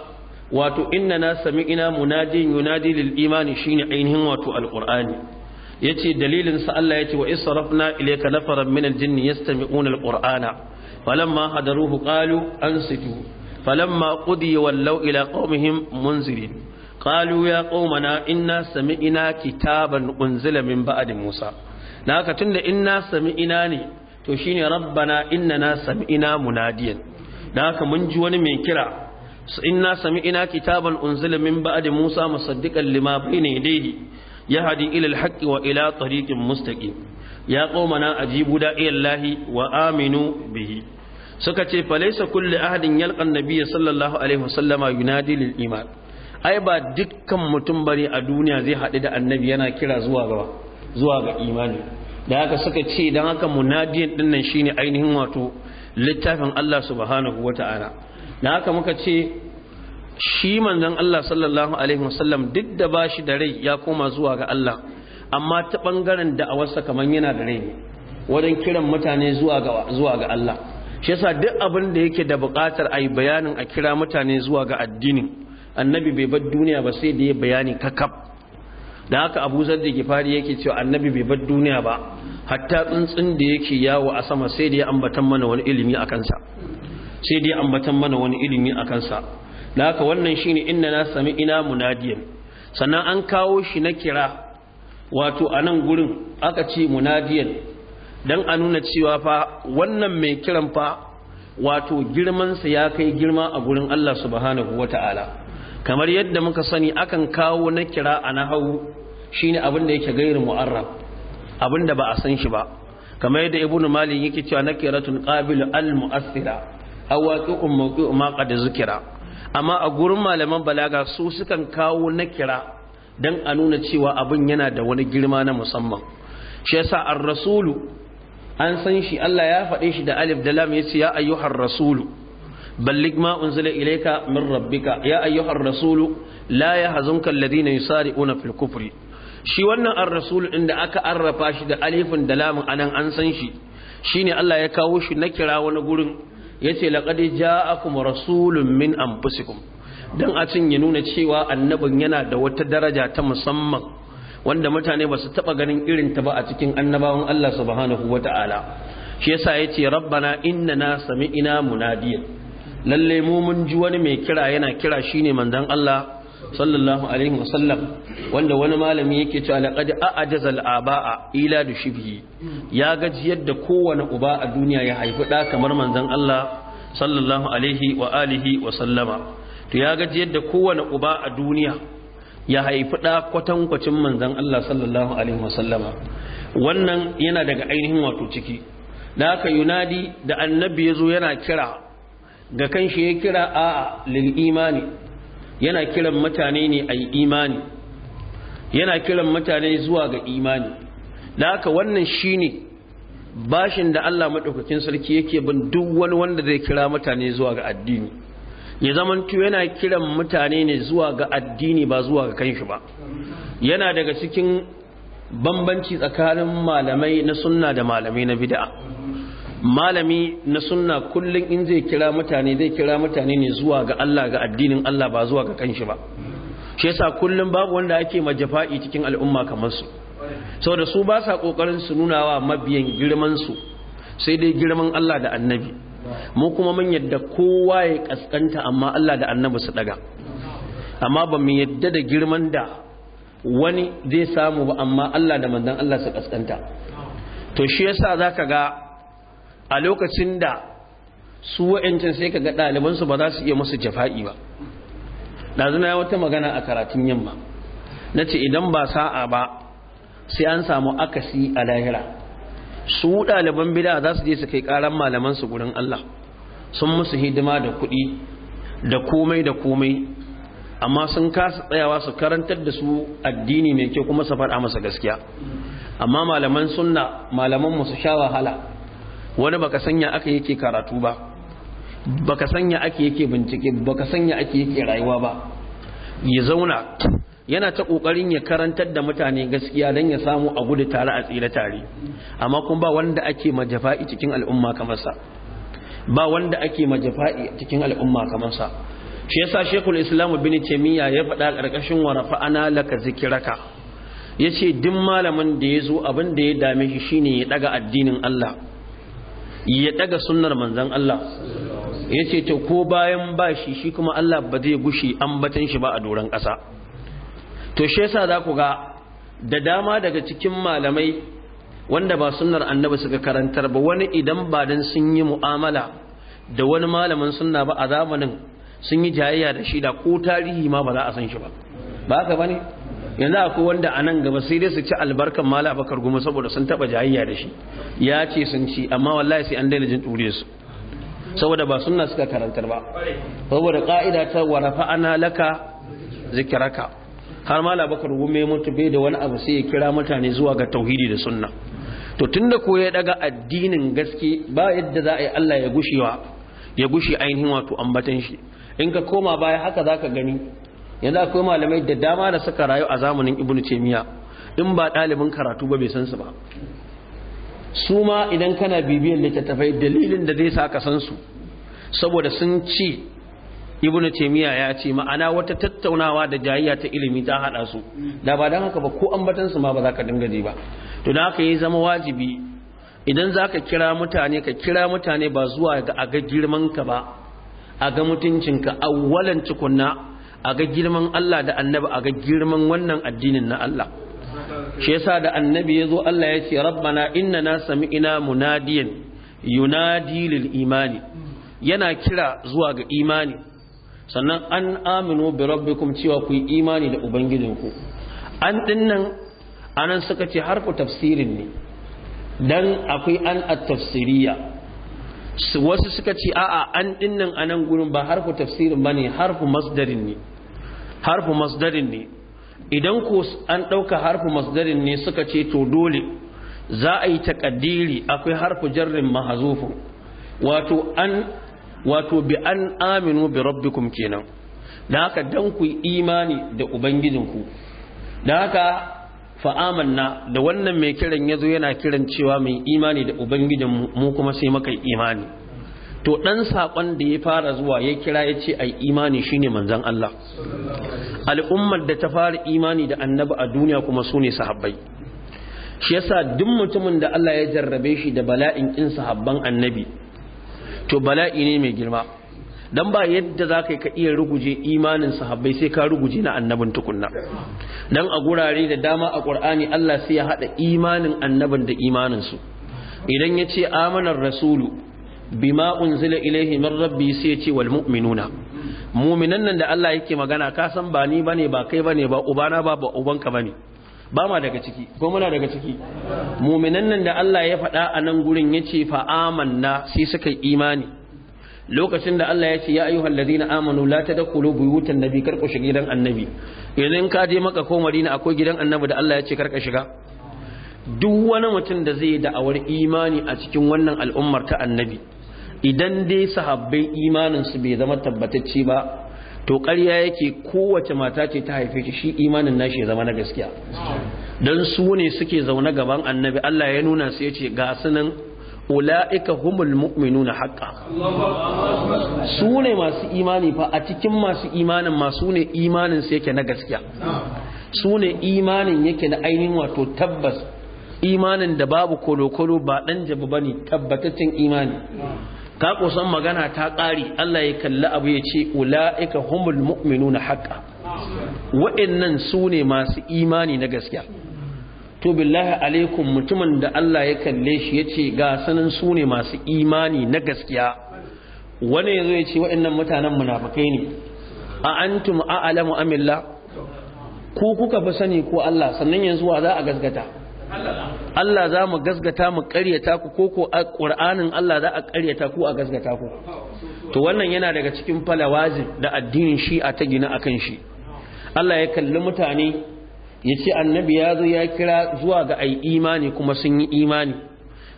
wato inna na sami'ina munadin yunadi lil imani shine ainihin wato al-qur'ani yace dalilin sa Allah ce wa israfna ilayka nafaran min al-jinni yastami'una al-qur'ana falamma hadaruhu qalu ansitu falamma qudiya wallau ila qaumihim munzirin Ƙalu ya qaumana inna ina kitaban unzila min ba'adin musa naka tunda inna ina ne to shine rabbana inna na sami'ina munadiyan da haka mun ji wani mai kira inna ina kitaban unzila min ba'di Musa musaddiqan lima bayna yadayhi yahdi ila al-haqqi wa ila tariqin mustaqim ya qaumana ajibu da'i Allahi wa aminu bihi suka ce falaysa kullu ahadin yalqa an-nabiy sallallahu alaihi wasallama yunadi lil iman ai ba dukkan mutum bane a duniya zai haɗu da annabi yana kira zuwa ga zuwa ga imani da haka suka ce dan haka munadiyin dinnan shine ainihin wato littafin Allah subhanahu wata'ala na haka muka ce shi manzon Allah sallallahu alaihi wasallam duk da bashi da rai ya koma zuwa ga Allah amma ta bangaren da'awarsa kaman yana da rai wajen kiran mutane zuwa ga zuwa ga Allah shi yasa duk abin da yake da buƙatar ayi bayanin a kira mutane zuwa ga addinin annabi bai bar duniya ba sai da ya bayani kakab da haka Abu Zar da Gifari yake cewa annabi bai bar duniya ba hatta tsuntsun da yake yawo a sama sai da ya ambatan mana wani ilimi a kansa sai da ya ambatan mana wani ilimi a kansa da haka wannan shine inna na sami ina munadiyan sannan an kawo shi na kira wato a nan gurin aka ce munadiyan dan a nuna cewa fa wannan mai kiran fa wato girmansa ya kai girma a gurin Allah subhanahu wata'ala kamar yadda muka sani akan kawo na kira a nahawu shine abin da yake gairin mu'arrab abinda ba a san shi ba kamar yadda ibnu malik yake cewa nakiratun qabilu al mu'assira aw waqi'un mawqi'u ma qad zikira amma a gurin malaman balaga su sukan kawo nakira dan a nuna cewa abin yana da wani girma na musamman shi yasa ar-rasulu an san shi Allah ya faɗe shi da alif da lam yace ya ayyuhar rasulu ballig ma unzila ilayka min rabbika ya ayyuhar rasulu la yahzunka alladhina yusari'una fil kufri shi wannan ar-rasul inda da aka arrafa shi da alifin da lamun anan an san shi shine Allah ya kawo shi na kira wani gurin yace laqad ja'akum rasulun min anfusikum dan a cin ya nuna cewa annabin yana da wata daraja ta musamman wanda mutane ba su taba ganin irin ta ba a cikin annabawan Allah subhanahu wata'ala shi yasa yace rabbana innana sami'ina munadiyan lalle mu mun ji wani mai kira yana kira shine manzon Allah sallallahu alaihi wasallam wanda wani malami yake cewa laqad a'jaza al-aba'a ila dushbihi ya gaji yadda kowane uba a duniya ya haifi da kamar manzon Allah sallallahu alaihi wa alihi wa sallama to ya gaji yadda kowane uba a duniya ya haifi da kwatankwacin manzon Allah sallallahu alaihi wa sallama wannan yana daga ainihin wato ciki da aka yunadi da annabi yazo yana kira ga kanshi ya kira a lil imani yana kiran mutane ne a imani yana kiran mutane zuwa ga imani da haka wannan shine bashin da Allah maɗaukakin sarki yake bin duk wani wanda zai kira mutane zuwa ga addini ya zamanto yana kiran mutane ne zuwa ga addini ba zuwa ga shi ba yana daga cikin bambanci tsakanin malamai na sunna da malamai na bid'a malami na sunna kullum in zai kira mutane zai kira mutane ne zuwa ga Allah ga addinin Allah ba zuwa ga kanshi ba shi yasa kullum babu wanda ake majafa'i cikin al'umma kamar su saboda su ba sa kokarin su nuna wa mabiyan girman su sai dai girman Allah da annabi mu kuma mun yadda kowa ya kaskanta amma Allah da annabi su daga amma ba mu yadda da girman da wani zai samu ba amma Allah da manzon Allah su kaskanta to shi yasa zaka ga a lokacin da su wa'ancin sai ka ga ɗalibansu ba za su iya musu jafa'i ba ɗazuna ya wata magana a karatun yamma na ce idan ba sa'a ba sai an samu akasi a lahira su ɗaliban bida za su je su kai ƙaran malamansu gurin Allah sun musu hidima da kuɗi da komai da komai amma sun kasa tsayawa su karantar da su addini mai kyau kuma su faɗa masa gaskiya amma malaman sunna malaman su sha wahala wani baka sanya aka yake karatu ba baka sanya ake yake bincike baka sanya ake yake rayuwa ba ya zauna yana ta kokarin ya karantar da mutane gaskiya dan ya samu a gudu tare a tsira tare amma kuma ba wanda ake majafa'i cikin al'umma kamar sa ba wanda ake majafa'i cikin al'umma kamar sa shi yasa shekul islam bin taymiya ya faɗa ƙarƙashin warafa rafa'ana laka zikiraka yace duk malamin da ya zo abin da ya dame shi shine ya daga addinin Allah ya daga sunnar manzan Allah ya ce ta ko bayan ba shi shi kuma Allah ba zai gushi ambatan shi ba a doron ƙasa to shi yasa za ku ga da dama daga cikin malamai wanda ba sunnar annabi suka karantar ba wani idan ba dan sun yi mu'amala da wani malamin sunna ba a zamanin sun yi jayayya da shi da ko tarihi ma ba za a san shi ba ba haka bane yanzu akwai wanda a nan gaba sai dai su ci albarkan mala abakar goma saboda sun taba jayayya da shi ya ce sun ci amma wallahi sai an daina jin ɗure su saboda ba sunna suka karantar ba saboda ka'ida ta warafa ana laka zikiraka har mala abakar goma ya mutu bai da wani abu sai ya kira mutane zuwa ga tauhidi da sunna to tunda ko ya daga addinin gaske ba yadda za a yi Allah ya gushewa ya gushe ainihin wato ambatan shi in ka koma baya haka zaka gani yanzu akwai malamai da dama da suka rayu a zamanin ibnu taymiya in ba ɗalibin karatu ba bai san su ba su ma idan kana bibiyar littattafai dalilin da zai sa ka san su saboda sun ce ibnu taymiya ya ce ma'ana wata tattaunawa da jayayya ta ilimi ta hada su da ba dan haka ba ko ambatan su ma ba za ka dinga ji ba to da haka yi zama wajibi idan za ka kira mutane ka kira mutane ba zuwa ga a ga girman ka ba a ga mutuncinka awwalan tukunna a ga girman Allah da annabi a ga girman wannan addinin na Allah shi yasa da annabi ya zo Allah ya ce rabbana sami ina munadiyan yunadi lil imani yana kira zuwa ga imani sannan an aminu bi rabbikum cewa ku yi imani da ubangijinku an dinnan anan suka ce har ku tafsirin ne dan akwai an at-tafsiriya wasu suka ce a'a an dinnan anan gurin ba har ku tafsirin bane ku masdarin ne harfu masdarin ne idan ko an ɗauka harfu masdarin ne suka ce to dole za a yi takaddiri akwai harfu jarrin mahazufu wato an wato bi an aminu bi rabbikum kenan da haka dan ku imani da ubangijinku da haka fa'amanna da wannan mai kiran yazo yana kiran cewa mai imani da ubangijin mu kuma sai maka imani to dan sakon da ya fara zuwa ya kira ya ce ai imani shine manzon Allah al'ummar da ta fara imani da annabi a duniya kuma sune sahabbai shi yasa duk mutumin da Allah ya jarrabe shi da bala'in in sahabban annabi to bala'i ne mai girma dan ba yadda za ka iya ruguje imanin sahabbai sai ka ruguje na annabin tukunna dan a gurare da dama a qur'ani Allah sai ya hada imanin annabin da imanin su idan ya ce amanar rasulu bima unzila ilaihi min rabbi sai ya ce wal mu'minuna mu'minan da Allah yake magana ka san ba ni bane ba kai bane ba ubana ba ba ubanka bane ba ma daga ciki ko muna daga ciki mu'minan nan da Allah ya faɗa a nan gurin yace fa amanna sai suka yi imani lokacin da Allah ya ce ya ayyuhal ladina amanu la tadkhulu buyutan nabi kar shiga gidan annabi idan ka je maka ko Madina akwai gidan annabi da Allah ya ce kar shiga duk wani mutum da zai yi da'awar imani a cikin wannan al'ummar ta annabi idan dai sahabbai imaninsu bai zama tabbatacce ba to ƙarya yake kowace mata ce ta haife shi shi imanin nashi ya zama na gaskiya don su ne suke zaune gaban annabi Allah ya nuna su ya ce ga sunan ula'ika humul mu'minuna haƙƙa su ne masu imani fa a cikin masu imanin masu ne imanin su yake na gaskiya su ne imanin yake na ainihin wato tabbas imanin da babu kolokolo ba ɗan jabu ba ne tabbataccen imani ka kusan magana ta ƙari Allah ya kalli abu ya ce ula'ika humul mu'minuna haƙa wa'annan su ne masu imani na gaskiya to billahi alaikum mutumin da Allah ya kalle shi ya ce ga sanin su ne masu imani na gaskiya wani ya zo ya ce wa'annan mutanen munafukai ne a antum a'lamu amillah ku kuka fi sani ko Allah sannan yanzu wa za a gaskata Allah za mu gasgata mu ƙaryata ku ko a ƙur'anin Allah za a ƙaryata ku a gasgata ku to wannan yana daga cikin falawazin da addinin shi a ta gina akan shi Allah ya kalli mutane ya ce annabi ya zo ya kira zuwa ga ai imani kuma sun yi imani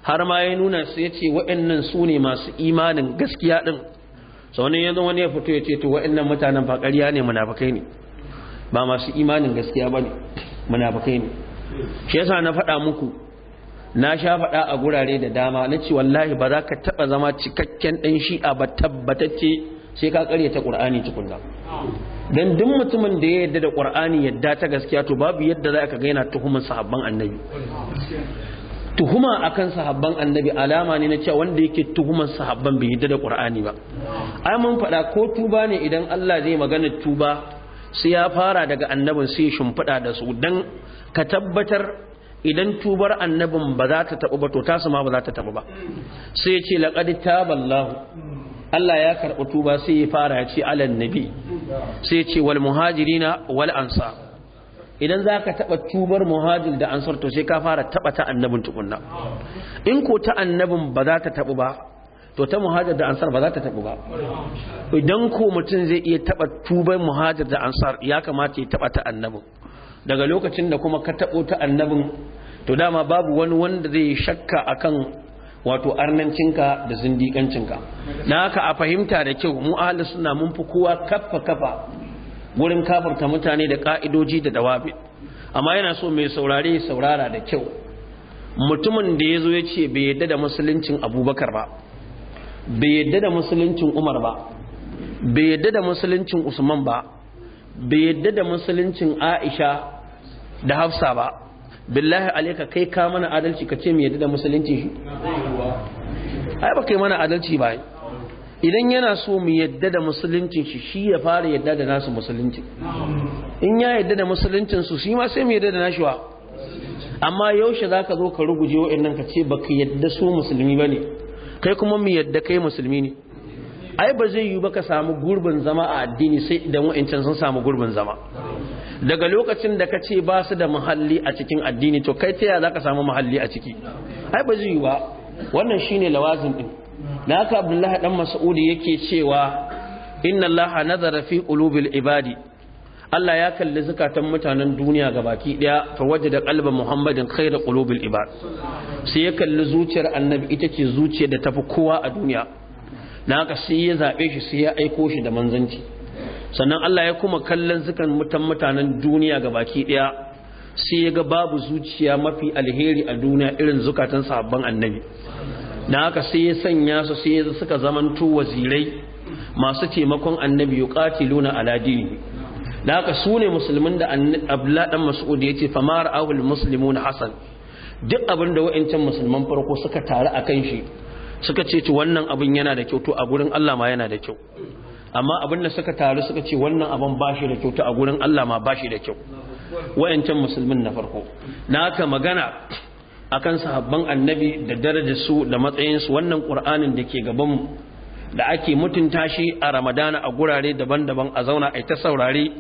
har ma ya nuna su ya ce waɗannan su ne masu imanin gaskiya ɗin sau yanzu wani ya fito ya ce to waɗannan mutanen ba ƙarya ne munafukai ne ba masu imanin gaskiya ba ne munafukai ne shi yasa na faɗa muku na sha faɗa a gurare da dama na ce wallahi ba za ka taɓa zama cikakken ɗan shi'a ba tabbatacce sai ka ta ƙur'ani tukunna don duk mutumin da ya yadda da ƙur'ani yadda ta gaskiya to babu yadda za ka gaina tuhumar sahabban annabi tuhuma akan sahabban annabi alama ne na cewa wanda yake tuhumar sahabban bai yadda da qur'ani ba ai mun faɗa ko tuba ne idan Allah zai magana tuba sai ya fara daga annabin sai shimfiɗa da su dan ka tabbatar idan tubar annabin ba za ta taɓa ba to tasu ma ba za ta taɓa ba sai ya ce laƙadi taballahu Allah ya karɓi tuba sai ya fara ya ce alan nabi sai ya ce wal muhajirina wal ansa idan za ka taɓa tubar muhajir da ansar to sai ka fara taɓa ta annabin tukunna in ko ta annabin ba za ta taɓa ba to ta muhajir da ansar ba za ta taɓa ba idan ko mutum zai iya taɓa tubar muhajir da ansar ya kamata ya taɓa ta annabin daga lokacin da kuma ka taɓo ta annabin to dama babu wani wanda zai shakka akan wato arnancinka da zindikancinka na haka a fahimta da kyau mu suna mun fi kowa kafa kafa wurin kafarta mutane da ka'idoji da dawabi amma yana so mai saurare saurara da kyau mutumin da ya zo ya ce bai yadda da musuluncin abubakar ba bai yadda da musuluncin umar ba bai yadda da musuluncin usman ba bai yadda da musuluncin aisha da hafsa ba billahi alaika kai ka mana adalci ka ce mu yadda da musulunci shi ai ba kai mana adalci ba idan yana so mu yadda da musuluncin shi shi ya fara yadda da nasu musulunci in ya yadda da musuluncin su shi ma sai mu yadda da nashi wa amma yaushe zaka zo ka ruguje wa'annan ka ce baka yadda su musulmi bane kai kuma mu yadda kai musulmi ne ai ba zai yi ba ka samu gurbin zama a addini sai idan wa'ancan sun samu gurbin zama daga lokacin da ka ce ba su da muhalli a cikin addini to kai ta za ka samu muhalli a ciki ai ba zai ba wannan shine lawazin ɗin da haka abdullahi ɗan mas'udi yake cewa inna laha nazara fi ulubil ibadi Allah ya kalli zukatan mutanen duniya ga baki ɗaya fa da kalba muhammadin da qulubil ibad sai ya kalli zuciyar annabi ita ce zuciyar da tafi kowa a duniya na haka sai ya zaɓe shi sai ya aiko shi da manzanci sannan Allah ya kuma kallon zukan mutan mutanen duniya ga baki ɗaya sai ya ga babu zuciya mafi alheri a duniya irin zukatan sahabban annabi na haka sai ya sanya su sai suka zamanto wazirai masu taimakon annabi ƙati luna dini na haka su ne musulmin da abdullah dan mas'ud ya ce famar awul muslimun hasan duk abin da wa'ancan musulman farko suka taru akan shi suka ce to wannan abin yana da kyau to a gurin Allah ma yana da kyau amma abin da suka taru suka ce wannan abin ba shi da kyau ta a gurin Allah ma ba shi da kyau wayancan musulmin na farko na haka magana akan sahabban annabi da darajar su da matsayin su wannan qur'anin da ke gaban mu da ake mutunta shi a ramadana a gurare daban-daban a zauna a ta saurare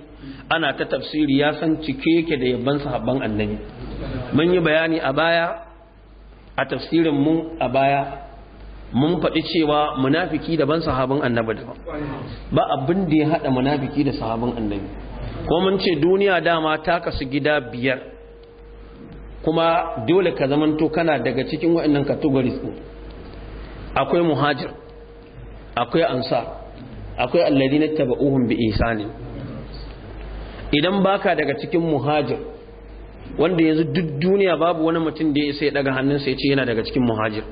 ana ta tafsiri ya san cike yake da yabban sahabban annabi mun yi bayani a baya a tafsirin mu a baya mun faɗi cewa munafiki daban sahabin annabi daban ba abin da ya haɗa munafiki da sahabin annabi ko mun ce duniya dama ta kasu gida biyar kuma dole ka zamanto kana daga cikin waɗannan categories ɗin akwai muhajir akwai ansar akwai alladhina tabauhum bi ihsani idan baka daga cikin muhajir wanda yanzu duk duniya babu wani mutum da ya isa ya daga hannunsa ya ce yana daga cikin muhajir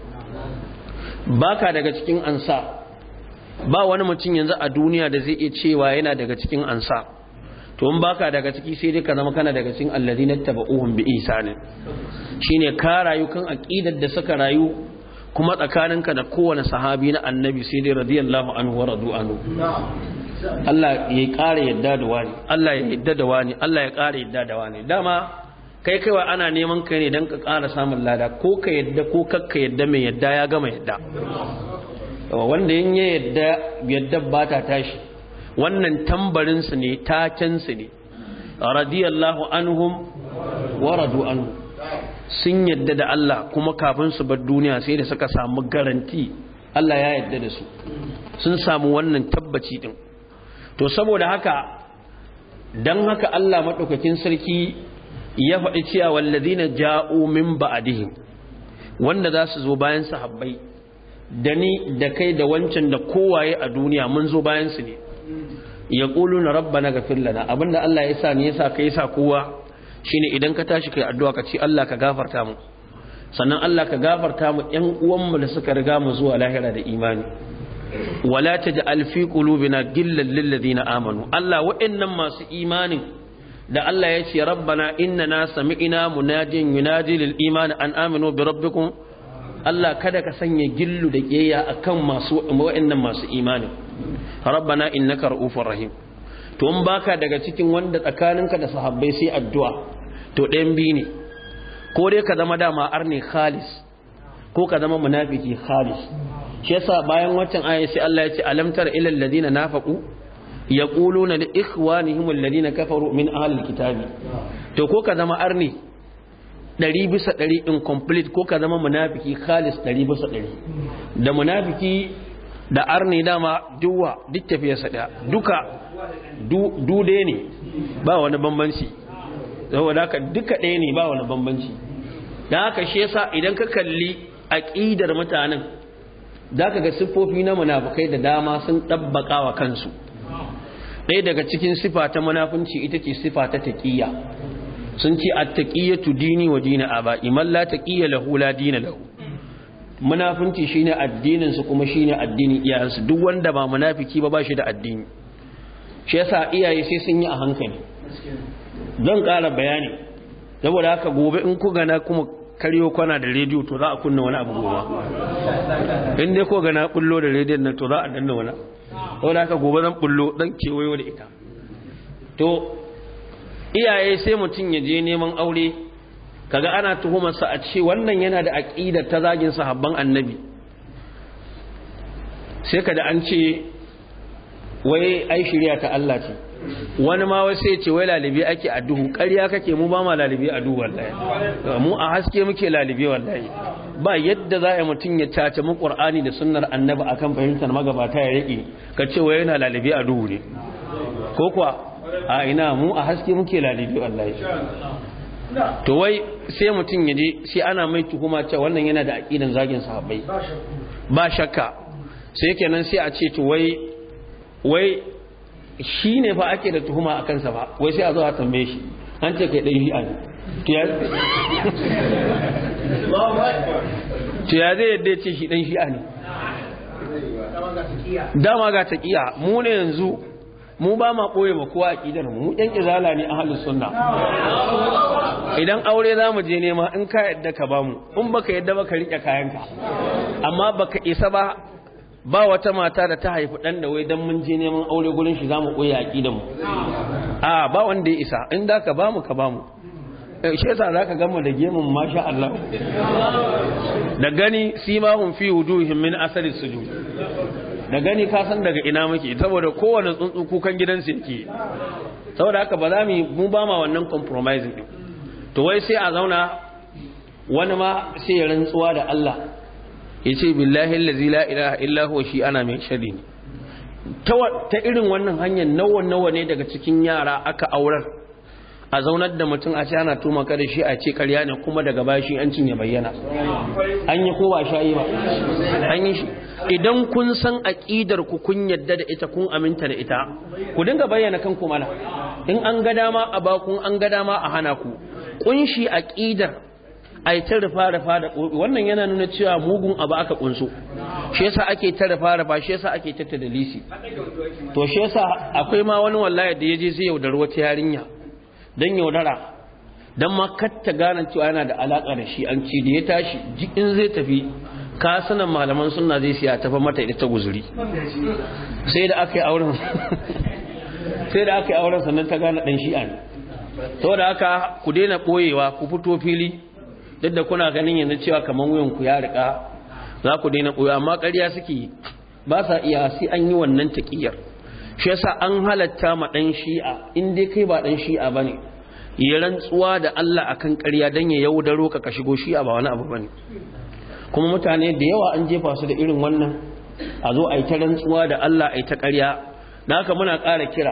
baka daga cikin ansa ba wani mutum yanzu a duniya da zai iya cewa yana daga cikin ansa to in baka daga ciki sai dai ka zama kana daga cikin alladhina tabauhum bi ihsan shine ka rayu kan aqidar da suka rayu kuma tsakaninka da kowane sahabi na annabi sai dai radiyallahu anhu wa radu anhu Allah ya ƙara yadda da wani Allah ya yadda da wani Allah ya kare yadda da wani dama kai kaiwa ana neman kai ne don ka kara samun lada ko ka yadda ko kakka yadda mai yadda ya gama yadda wanda yin ya yadda yadda ba ta tashi wannan tambarinsu ne takensu ne radiyallahu anhum wa radu anhu sun yadda da Allah kuma kafin su bar duniya sai da suka samu garanti Allah ya yadda da su sun samu wannan tabbaci din to saboda haka Don haka Allah madaukakin sarki ya faɗi cewa na ja'u min ba'dihim wanda za su zo bayan sahabbai da ni da kai da wancan da kowaye a duniya mun zo bayan su ne ya na na gafin lana abinda Allah ya sa ne yasa kai sa kowa shine idan ka tashi kai addu'a ka ce Allah ka gafarta mu sannan Allah ka gafarta mu ƴan uwanmu da suka riga mu zuwa lahira da imani wala taj'al fi na gillan lil ladina amanu Allah wa'annan masu imanin da Allah ya ce rabbana sami sami'ina munajin yunaji lil iman an aminu bi rabbikum Allah kada ka sanya gillu da kiyaya akan masu wa'annan masu imani rabbana innaka ra'ufur rahim to in baka daga cikin wanda tsakaninka da sahabbai sai addu'a to ɗayan bi ne ko dai ka zama dama arni khalis ko ka zama munafiki khalis shi yasa bayan waccan ayati sai Allah ya ce alam tara ilal ladina nafaqu Ya ƙulo na yaquluna li ikhwanihim alladhina kafaru min ahli kitabi. to ko ka zama arni ɗari bisa ɗari incomplete ko ka zama munafiki khalis ɗari bisa ɗari da munafiki da arni dama duwa duk tafiyarsa ɗaya duka dude ne ba wani bambanci saboda duka ɗaya ne ba wani bambanci da haka shi yasa idan ka kalli aƙidar mutanen za ka ga siffofi na munafukai da dama sun ɗabbaƙa wa kansu ɗaya daga cikin sifa ta munafunci ita ce sifa ta taqiyya sun ce at tu dini wa dini a ba'i malla taqiyya lahu la dina lahu munafunci shi ne addininsu kuma shi ne addinin iyayensu duk wanda ba munafiki ba shi da addini shi yasa iyaye sai sun yi a hankali zan ƙara bayani saboda haka gobe in ku gana kuma karyo kwana da rediyo to za a kunna wani abu gobe in dai ko gana kullo da rediyon nan to za a danna wani abu wani haka gobe zan bullo dan kewayo da ita to iyaye sai mutum ya je neman aure kaga ana tuhumarsa a ce wannan yana da aƙida ta zagin sahabban annabi sai kada an ce wai ai shirya ta Allah ce wani ma wasu ya ce wai lalibi ake a duhu ƙarya kake mu ba ma lalibi a duhu wallahi mu a haske muke lalibi wallahi ba yadda za a mutum ya cace mu ƙur'ani da sunnar annabi akan fahimtar magabata ya riƙe ka ce wai yana lalibi a duhu ne ko kuwa a ina mu a haske muke lalibi wallahi to wai sai mutum ya je sai ana mai tuhuma cewa wannan yana da aqidan zagin sahabbai ba shakka sai kenan sai a ce to wai wai shine fa ake da tuhuma a kansa ba wai sai a zo a tambaye shi an ce kai dai bi'a ne to ya zai yadda ya ce shi dan shi'a ne dama ga taqiya mu ne yanzu mu ba ma ba kowa a mu mu yan izala ne halin suna. idan aure zamu je nema in ka yadda ka ba mu in baka yadda ba ka rike kayanka amma baka isa ba ba wata mata da ta haifi ɗan da wai don mun je neman aure gurin shi zamu a ƙidar mu a ba wanda ya isa in da ka ba mu ka ba mu shi yasa ka gama da gemun masha Allah da gani simahun fi wujuhihim min asali sujud da gani ka san daga ina muke saboda kowane tsuntsu kukan gidansu yake saboda haka ba za mu mu ba ma wannan compromising to wai sai a zauna wani ma sai ya rantsuwa da Allah yace billahi allazi la ilaha shi ana mai shari ne ta irin wannan hanyar nawa nawa ne daga cikin yara aka aurar a zaunar da mutum a ce ana tuma kada shi a ce karya ne kuma daga bashi yancin ya bayyana an yi ko ba yi ba an yi shi idan kun san aƙidar ku kun yadda da ita kun aminta da ita ku dinga bayyana kanku mana in an ga dama a bakun an ga dama a hana ku kunshi aƙidar a yi ta rufa rufa da ƙoƙi wannan yana nuna cewa mugun abu aka ƙunso shi yasa ake ta rufa rufa shi yasa ake tatta ta lisi to shi yasa akwai ma wani wallahi da ya je zai yaudar wata yarinya don yaudara don ma katta gane cewa yana da alaƙa da shi an ce da ya tashi in zai tafi ka sanan malaman suna zai siya tafa mata ita ta guzuri sai da aka yi auren sai da aka auren sannan ta gane ɗan shi'a To da haka ku daina ɓoyewa ku fito fili duk da kuna ganin yanzu cewa kamar wuyan ku ya riƙa za ku daina ɓoye amma ƙarya suke ba sa iya sai an yi wannan taƙiyar shi yasa an halatta ma ɗan shi'a in dai kai ba dan shi'a bane yi rantsuwa da Allah akan ƙarya dan ya yaudaro ka ka shigo shi'a ba wani abu bane kuma mutane da yawa an jefa su da irin wannan a zo a yi ta rantsuwa da Allah a yi ta ƙarya na haka muna ƙara kira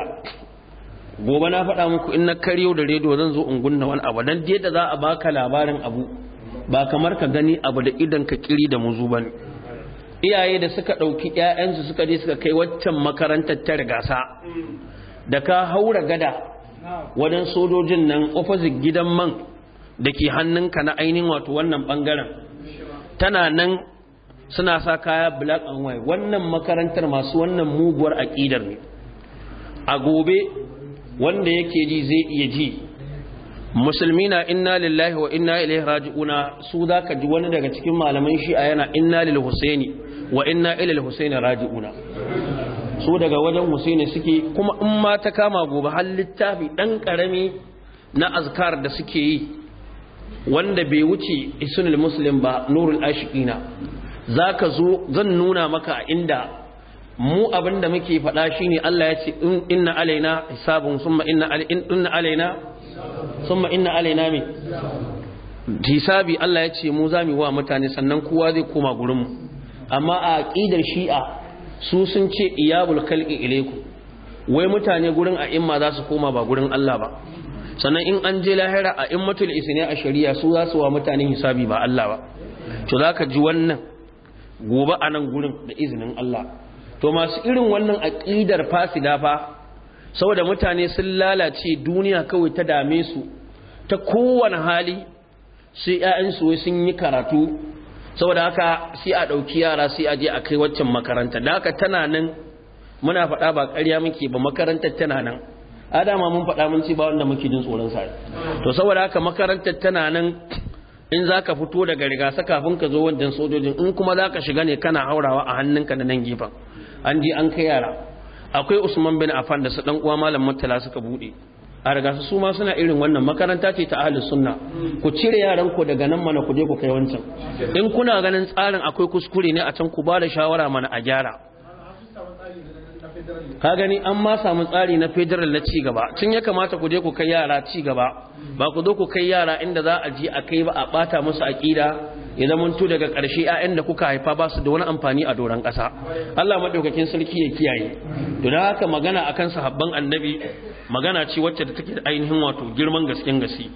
gobe na faɗa muku in na karyo da rediyo zan zo in gunna wani abu dan da za a baka labarin abu ba kamar ka gani abu da idan ka kiri da muzu bane iyaye da suka ɗauki ‘ya'yansu suka je suka kai waccan makarantar ta rigasa da ka haura gada wadan sojojin nan opposite gidan man da ke hannunka na ainihin wato wannan ɓangaren tana nan suna sa kaya black and white wannan makarantar masu wannan muguwar aƙidar ne a gobe wanda yake ji zai iya ji musulmi na inna lillahi wa inna ilaihi raji'una su ka ji wani daga cikin malaman shi'a yana inna lil husaini wa inna ilal husaini raji'una su daga wajen husaini suke kuma in ma ta kama gobe har littafi ɗan karami na azkar da suke yi wanda bai wuce isunul muslim ba nurul ashiqina ka zo zan nuna maka a inda mu abinda muke faɗa shine Allah ya ce inna alaina hisabun summa inna alaina summa inna alaina mi hisabi Allah ya ce mu za mu wa mutane sannan kowa zai koma gurin mu amma a aqidar shi'a su sun ce iyabul khalqi ilayku wai mutane gurin a imma za su koma ba gurin Allah ba sannan in an je lahira a immatul isni a shari'a su za su wa mutane hisabi ba Allah ba to zaka ji wannan gobe a nan gurin da izinin Allah to masu irin wannan aqidar fasida fa saboda mutane sun lalace duniya kawai ta dame su ta kowane hali sai 'ya'yansu wai sun yi karatu saboda haka sai a ɗauki yara sai a je a kai waccan makaranta da haka tana nan muna faɗa ba ƙarya muke ba makarantar tana nan adama mun faɗa mun ci ba wanda muke jin tsoron sa to saboda haka makarantar tana nan in za ka fito daga riga rigasa kafin ka zo wajen sojojin in kuma za ka shiga ne kana haurawa a hannunka da nan gefen an je an kai yara akwai usman bin Afan da su dan uwa malam murtala suka bude a riga su ma suna irin wannan makaranta ce ta ahli sunna ku cire yaran ku daga nan mana ku je ku kai wancan in kuna ganin tsarin akwai kuskure ne a can ku ba da shawara mana a gyara ka gani an ma samu tsari na federal na ci gaba tun ya kamata ku je ku kai yara ci gaba ba ku zo ku kai yara inda za a ji a kai ba a bata musu aqida Idan mun tu daga ƙarshe 'ya'yan da kuka haifa ba su da wani amfani a doron ƙasa Allah madaukakin sarki ya kiyaye to da haka magana akan sahabban annabi magana ce wacce da take ainihin wato girman gasken gasi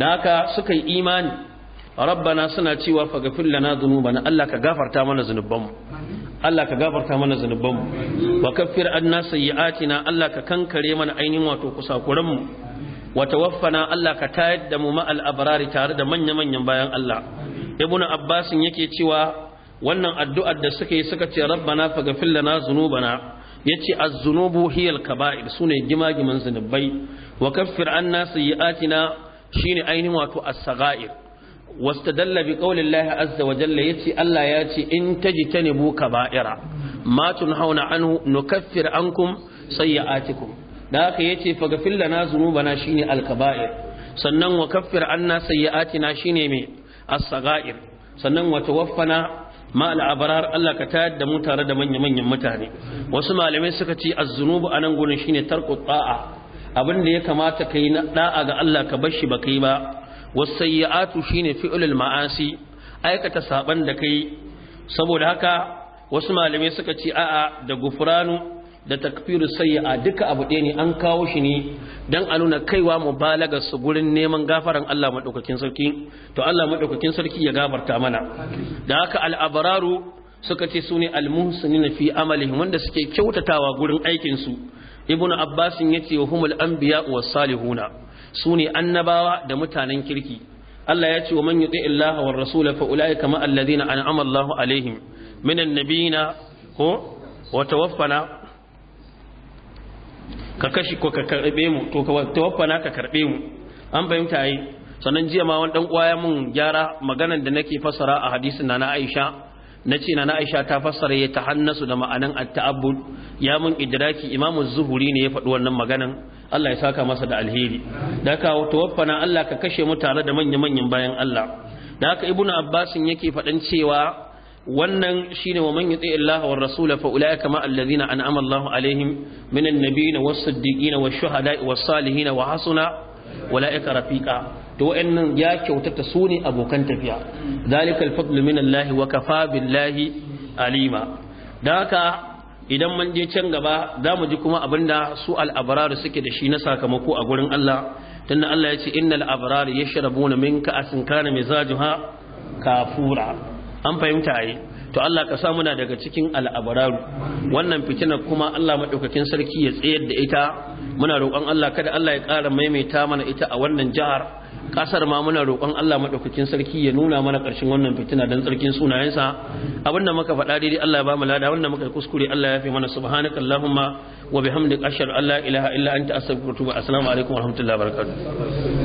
da haka suka yi imani rabbana suna cewa faghfir lana dhunubana Allah ka gafarta mana zunubanmu Allah ka gafarta mana zunubanmu wa kaffir anna sayyi'atina Allah ka kankare mana ainihin wato mu wa tawaffana Allah ka tayar da mu ma al-abrari tare da manya-manyan bayan Allah ibnu abbas yake cewa wannan addu'ar da suka yi suka ce rabbana faghfir lana ya ce a zunubu hiya al-kaba'ir sune gimagiman zunubai wa kaffir atina shi ne ainihin wato a as-sagha'ir wastadalla bi qawli Allah azza wa jalla ce Allah ya ce in ta tajtanibu kaba'ira ma tunhauna anhu nukaffir ankum sayyi'atikum da haka yace faghfir lana dhunubana shine al-kaba'ir sannan wa kaffir atina shi ne me as-sagair sannan wa waffana ma al-abrar Allah ka tayar da mu tare da manya manyan mutane wasu malamai suka ce az-zunubu anan gurin shine tarku ta'a abin da ya kamata ka yi da'a ga Allah ka bar shi ba kai ba wasayyi'atu shine fi'lul ma'asi aikata saban da kai saboda haka wasu malamai suka ce a'a da gufranu da takfiru a duka abu ɗaya ne an kawo shi ne dan a nuna kaiwa mubalagar su gurin neman gafaran Allah madaukakin sarki to Allah madaukakin sarki ya gafarta mana da haka al'abararu suka ce su ne al fi amalihim wanda suke kyautatawa gurin aikin su ibnu abbasin yace wa humul anbiya was salihuna su ne annabawa da mutanen kirki Allah ya ce wa man yuti illaha war rasula fa ulaika ma alladhina an'ama Allahu alaihim minan nabiyina ko wa tawaffana ka kashi ko ka karbe mu to ka tawaffana ka karbe mu an fahimta yi sannan jiya ma wani dan ya mun gyara maganar da nake fassara a hadisin na Aisha na ce na Aisha ta fassara ya ta hannasu da ma'anan at-ta'abbud ya mun idraki imamu zuhuri ne ya faɗi wannan maganan Allah ya saka masa da alheri da ka tawaffana Allah ka kashe mu tare da manya manyan bayan Allah da haka ibnu abbasin yake faɗan cewa wannan shine wa man yuti Allah wa rasula fa ulaika ma alladhina an'ama Allah alaihim minan nabiyyin was-siddiqin wash-shuhada'i was-salihin wa hasuna ulaika rafiqa to wayannan ya kyautata su ne abokan tafiya zalika al-fadlu min Allah wa kafa billahi alima dan idan mun je can gaba zamu ji kuma abinda su al-abrar suke da shi na sakamako a gurin Allah tunda Allah ya ce innal abrar yashrabuna min ka'asin kana mizajuha kafura an fahimta a yi to Allah ka sa muna daga cikin al'abararu wannan fitina kuma Allah maɗaukakin sarki ya tsayar da ita muna roƙon Allah kada Allah ya ƙara maimaita mana ita a wannan jihar ƙasar ma muna roƙon Allah maɗaukakin sarki ya nuna mana ƙarshen wannan fitina don tsarkin sunayensa abin da muka faɗa daidai Allah ya ba mu lada wanda muka kuskure Allah ya fi mana subhanaka Allahumma wa bihamdika ashhadu an la ilaha illa anta astaghfiruka wa assalamu alaikum wa rahmatullahi wa barakatuh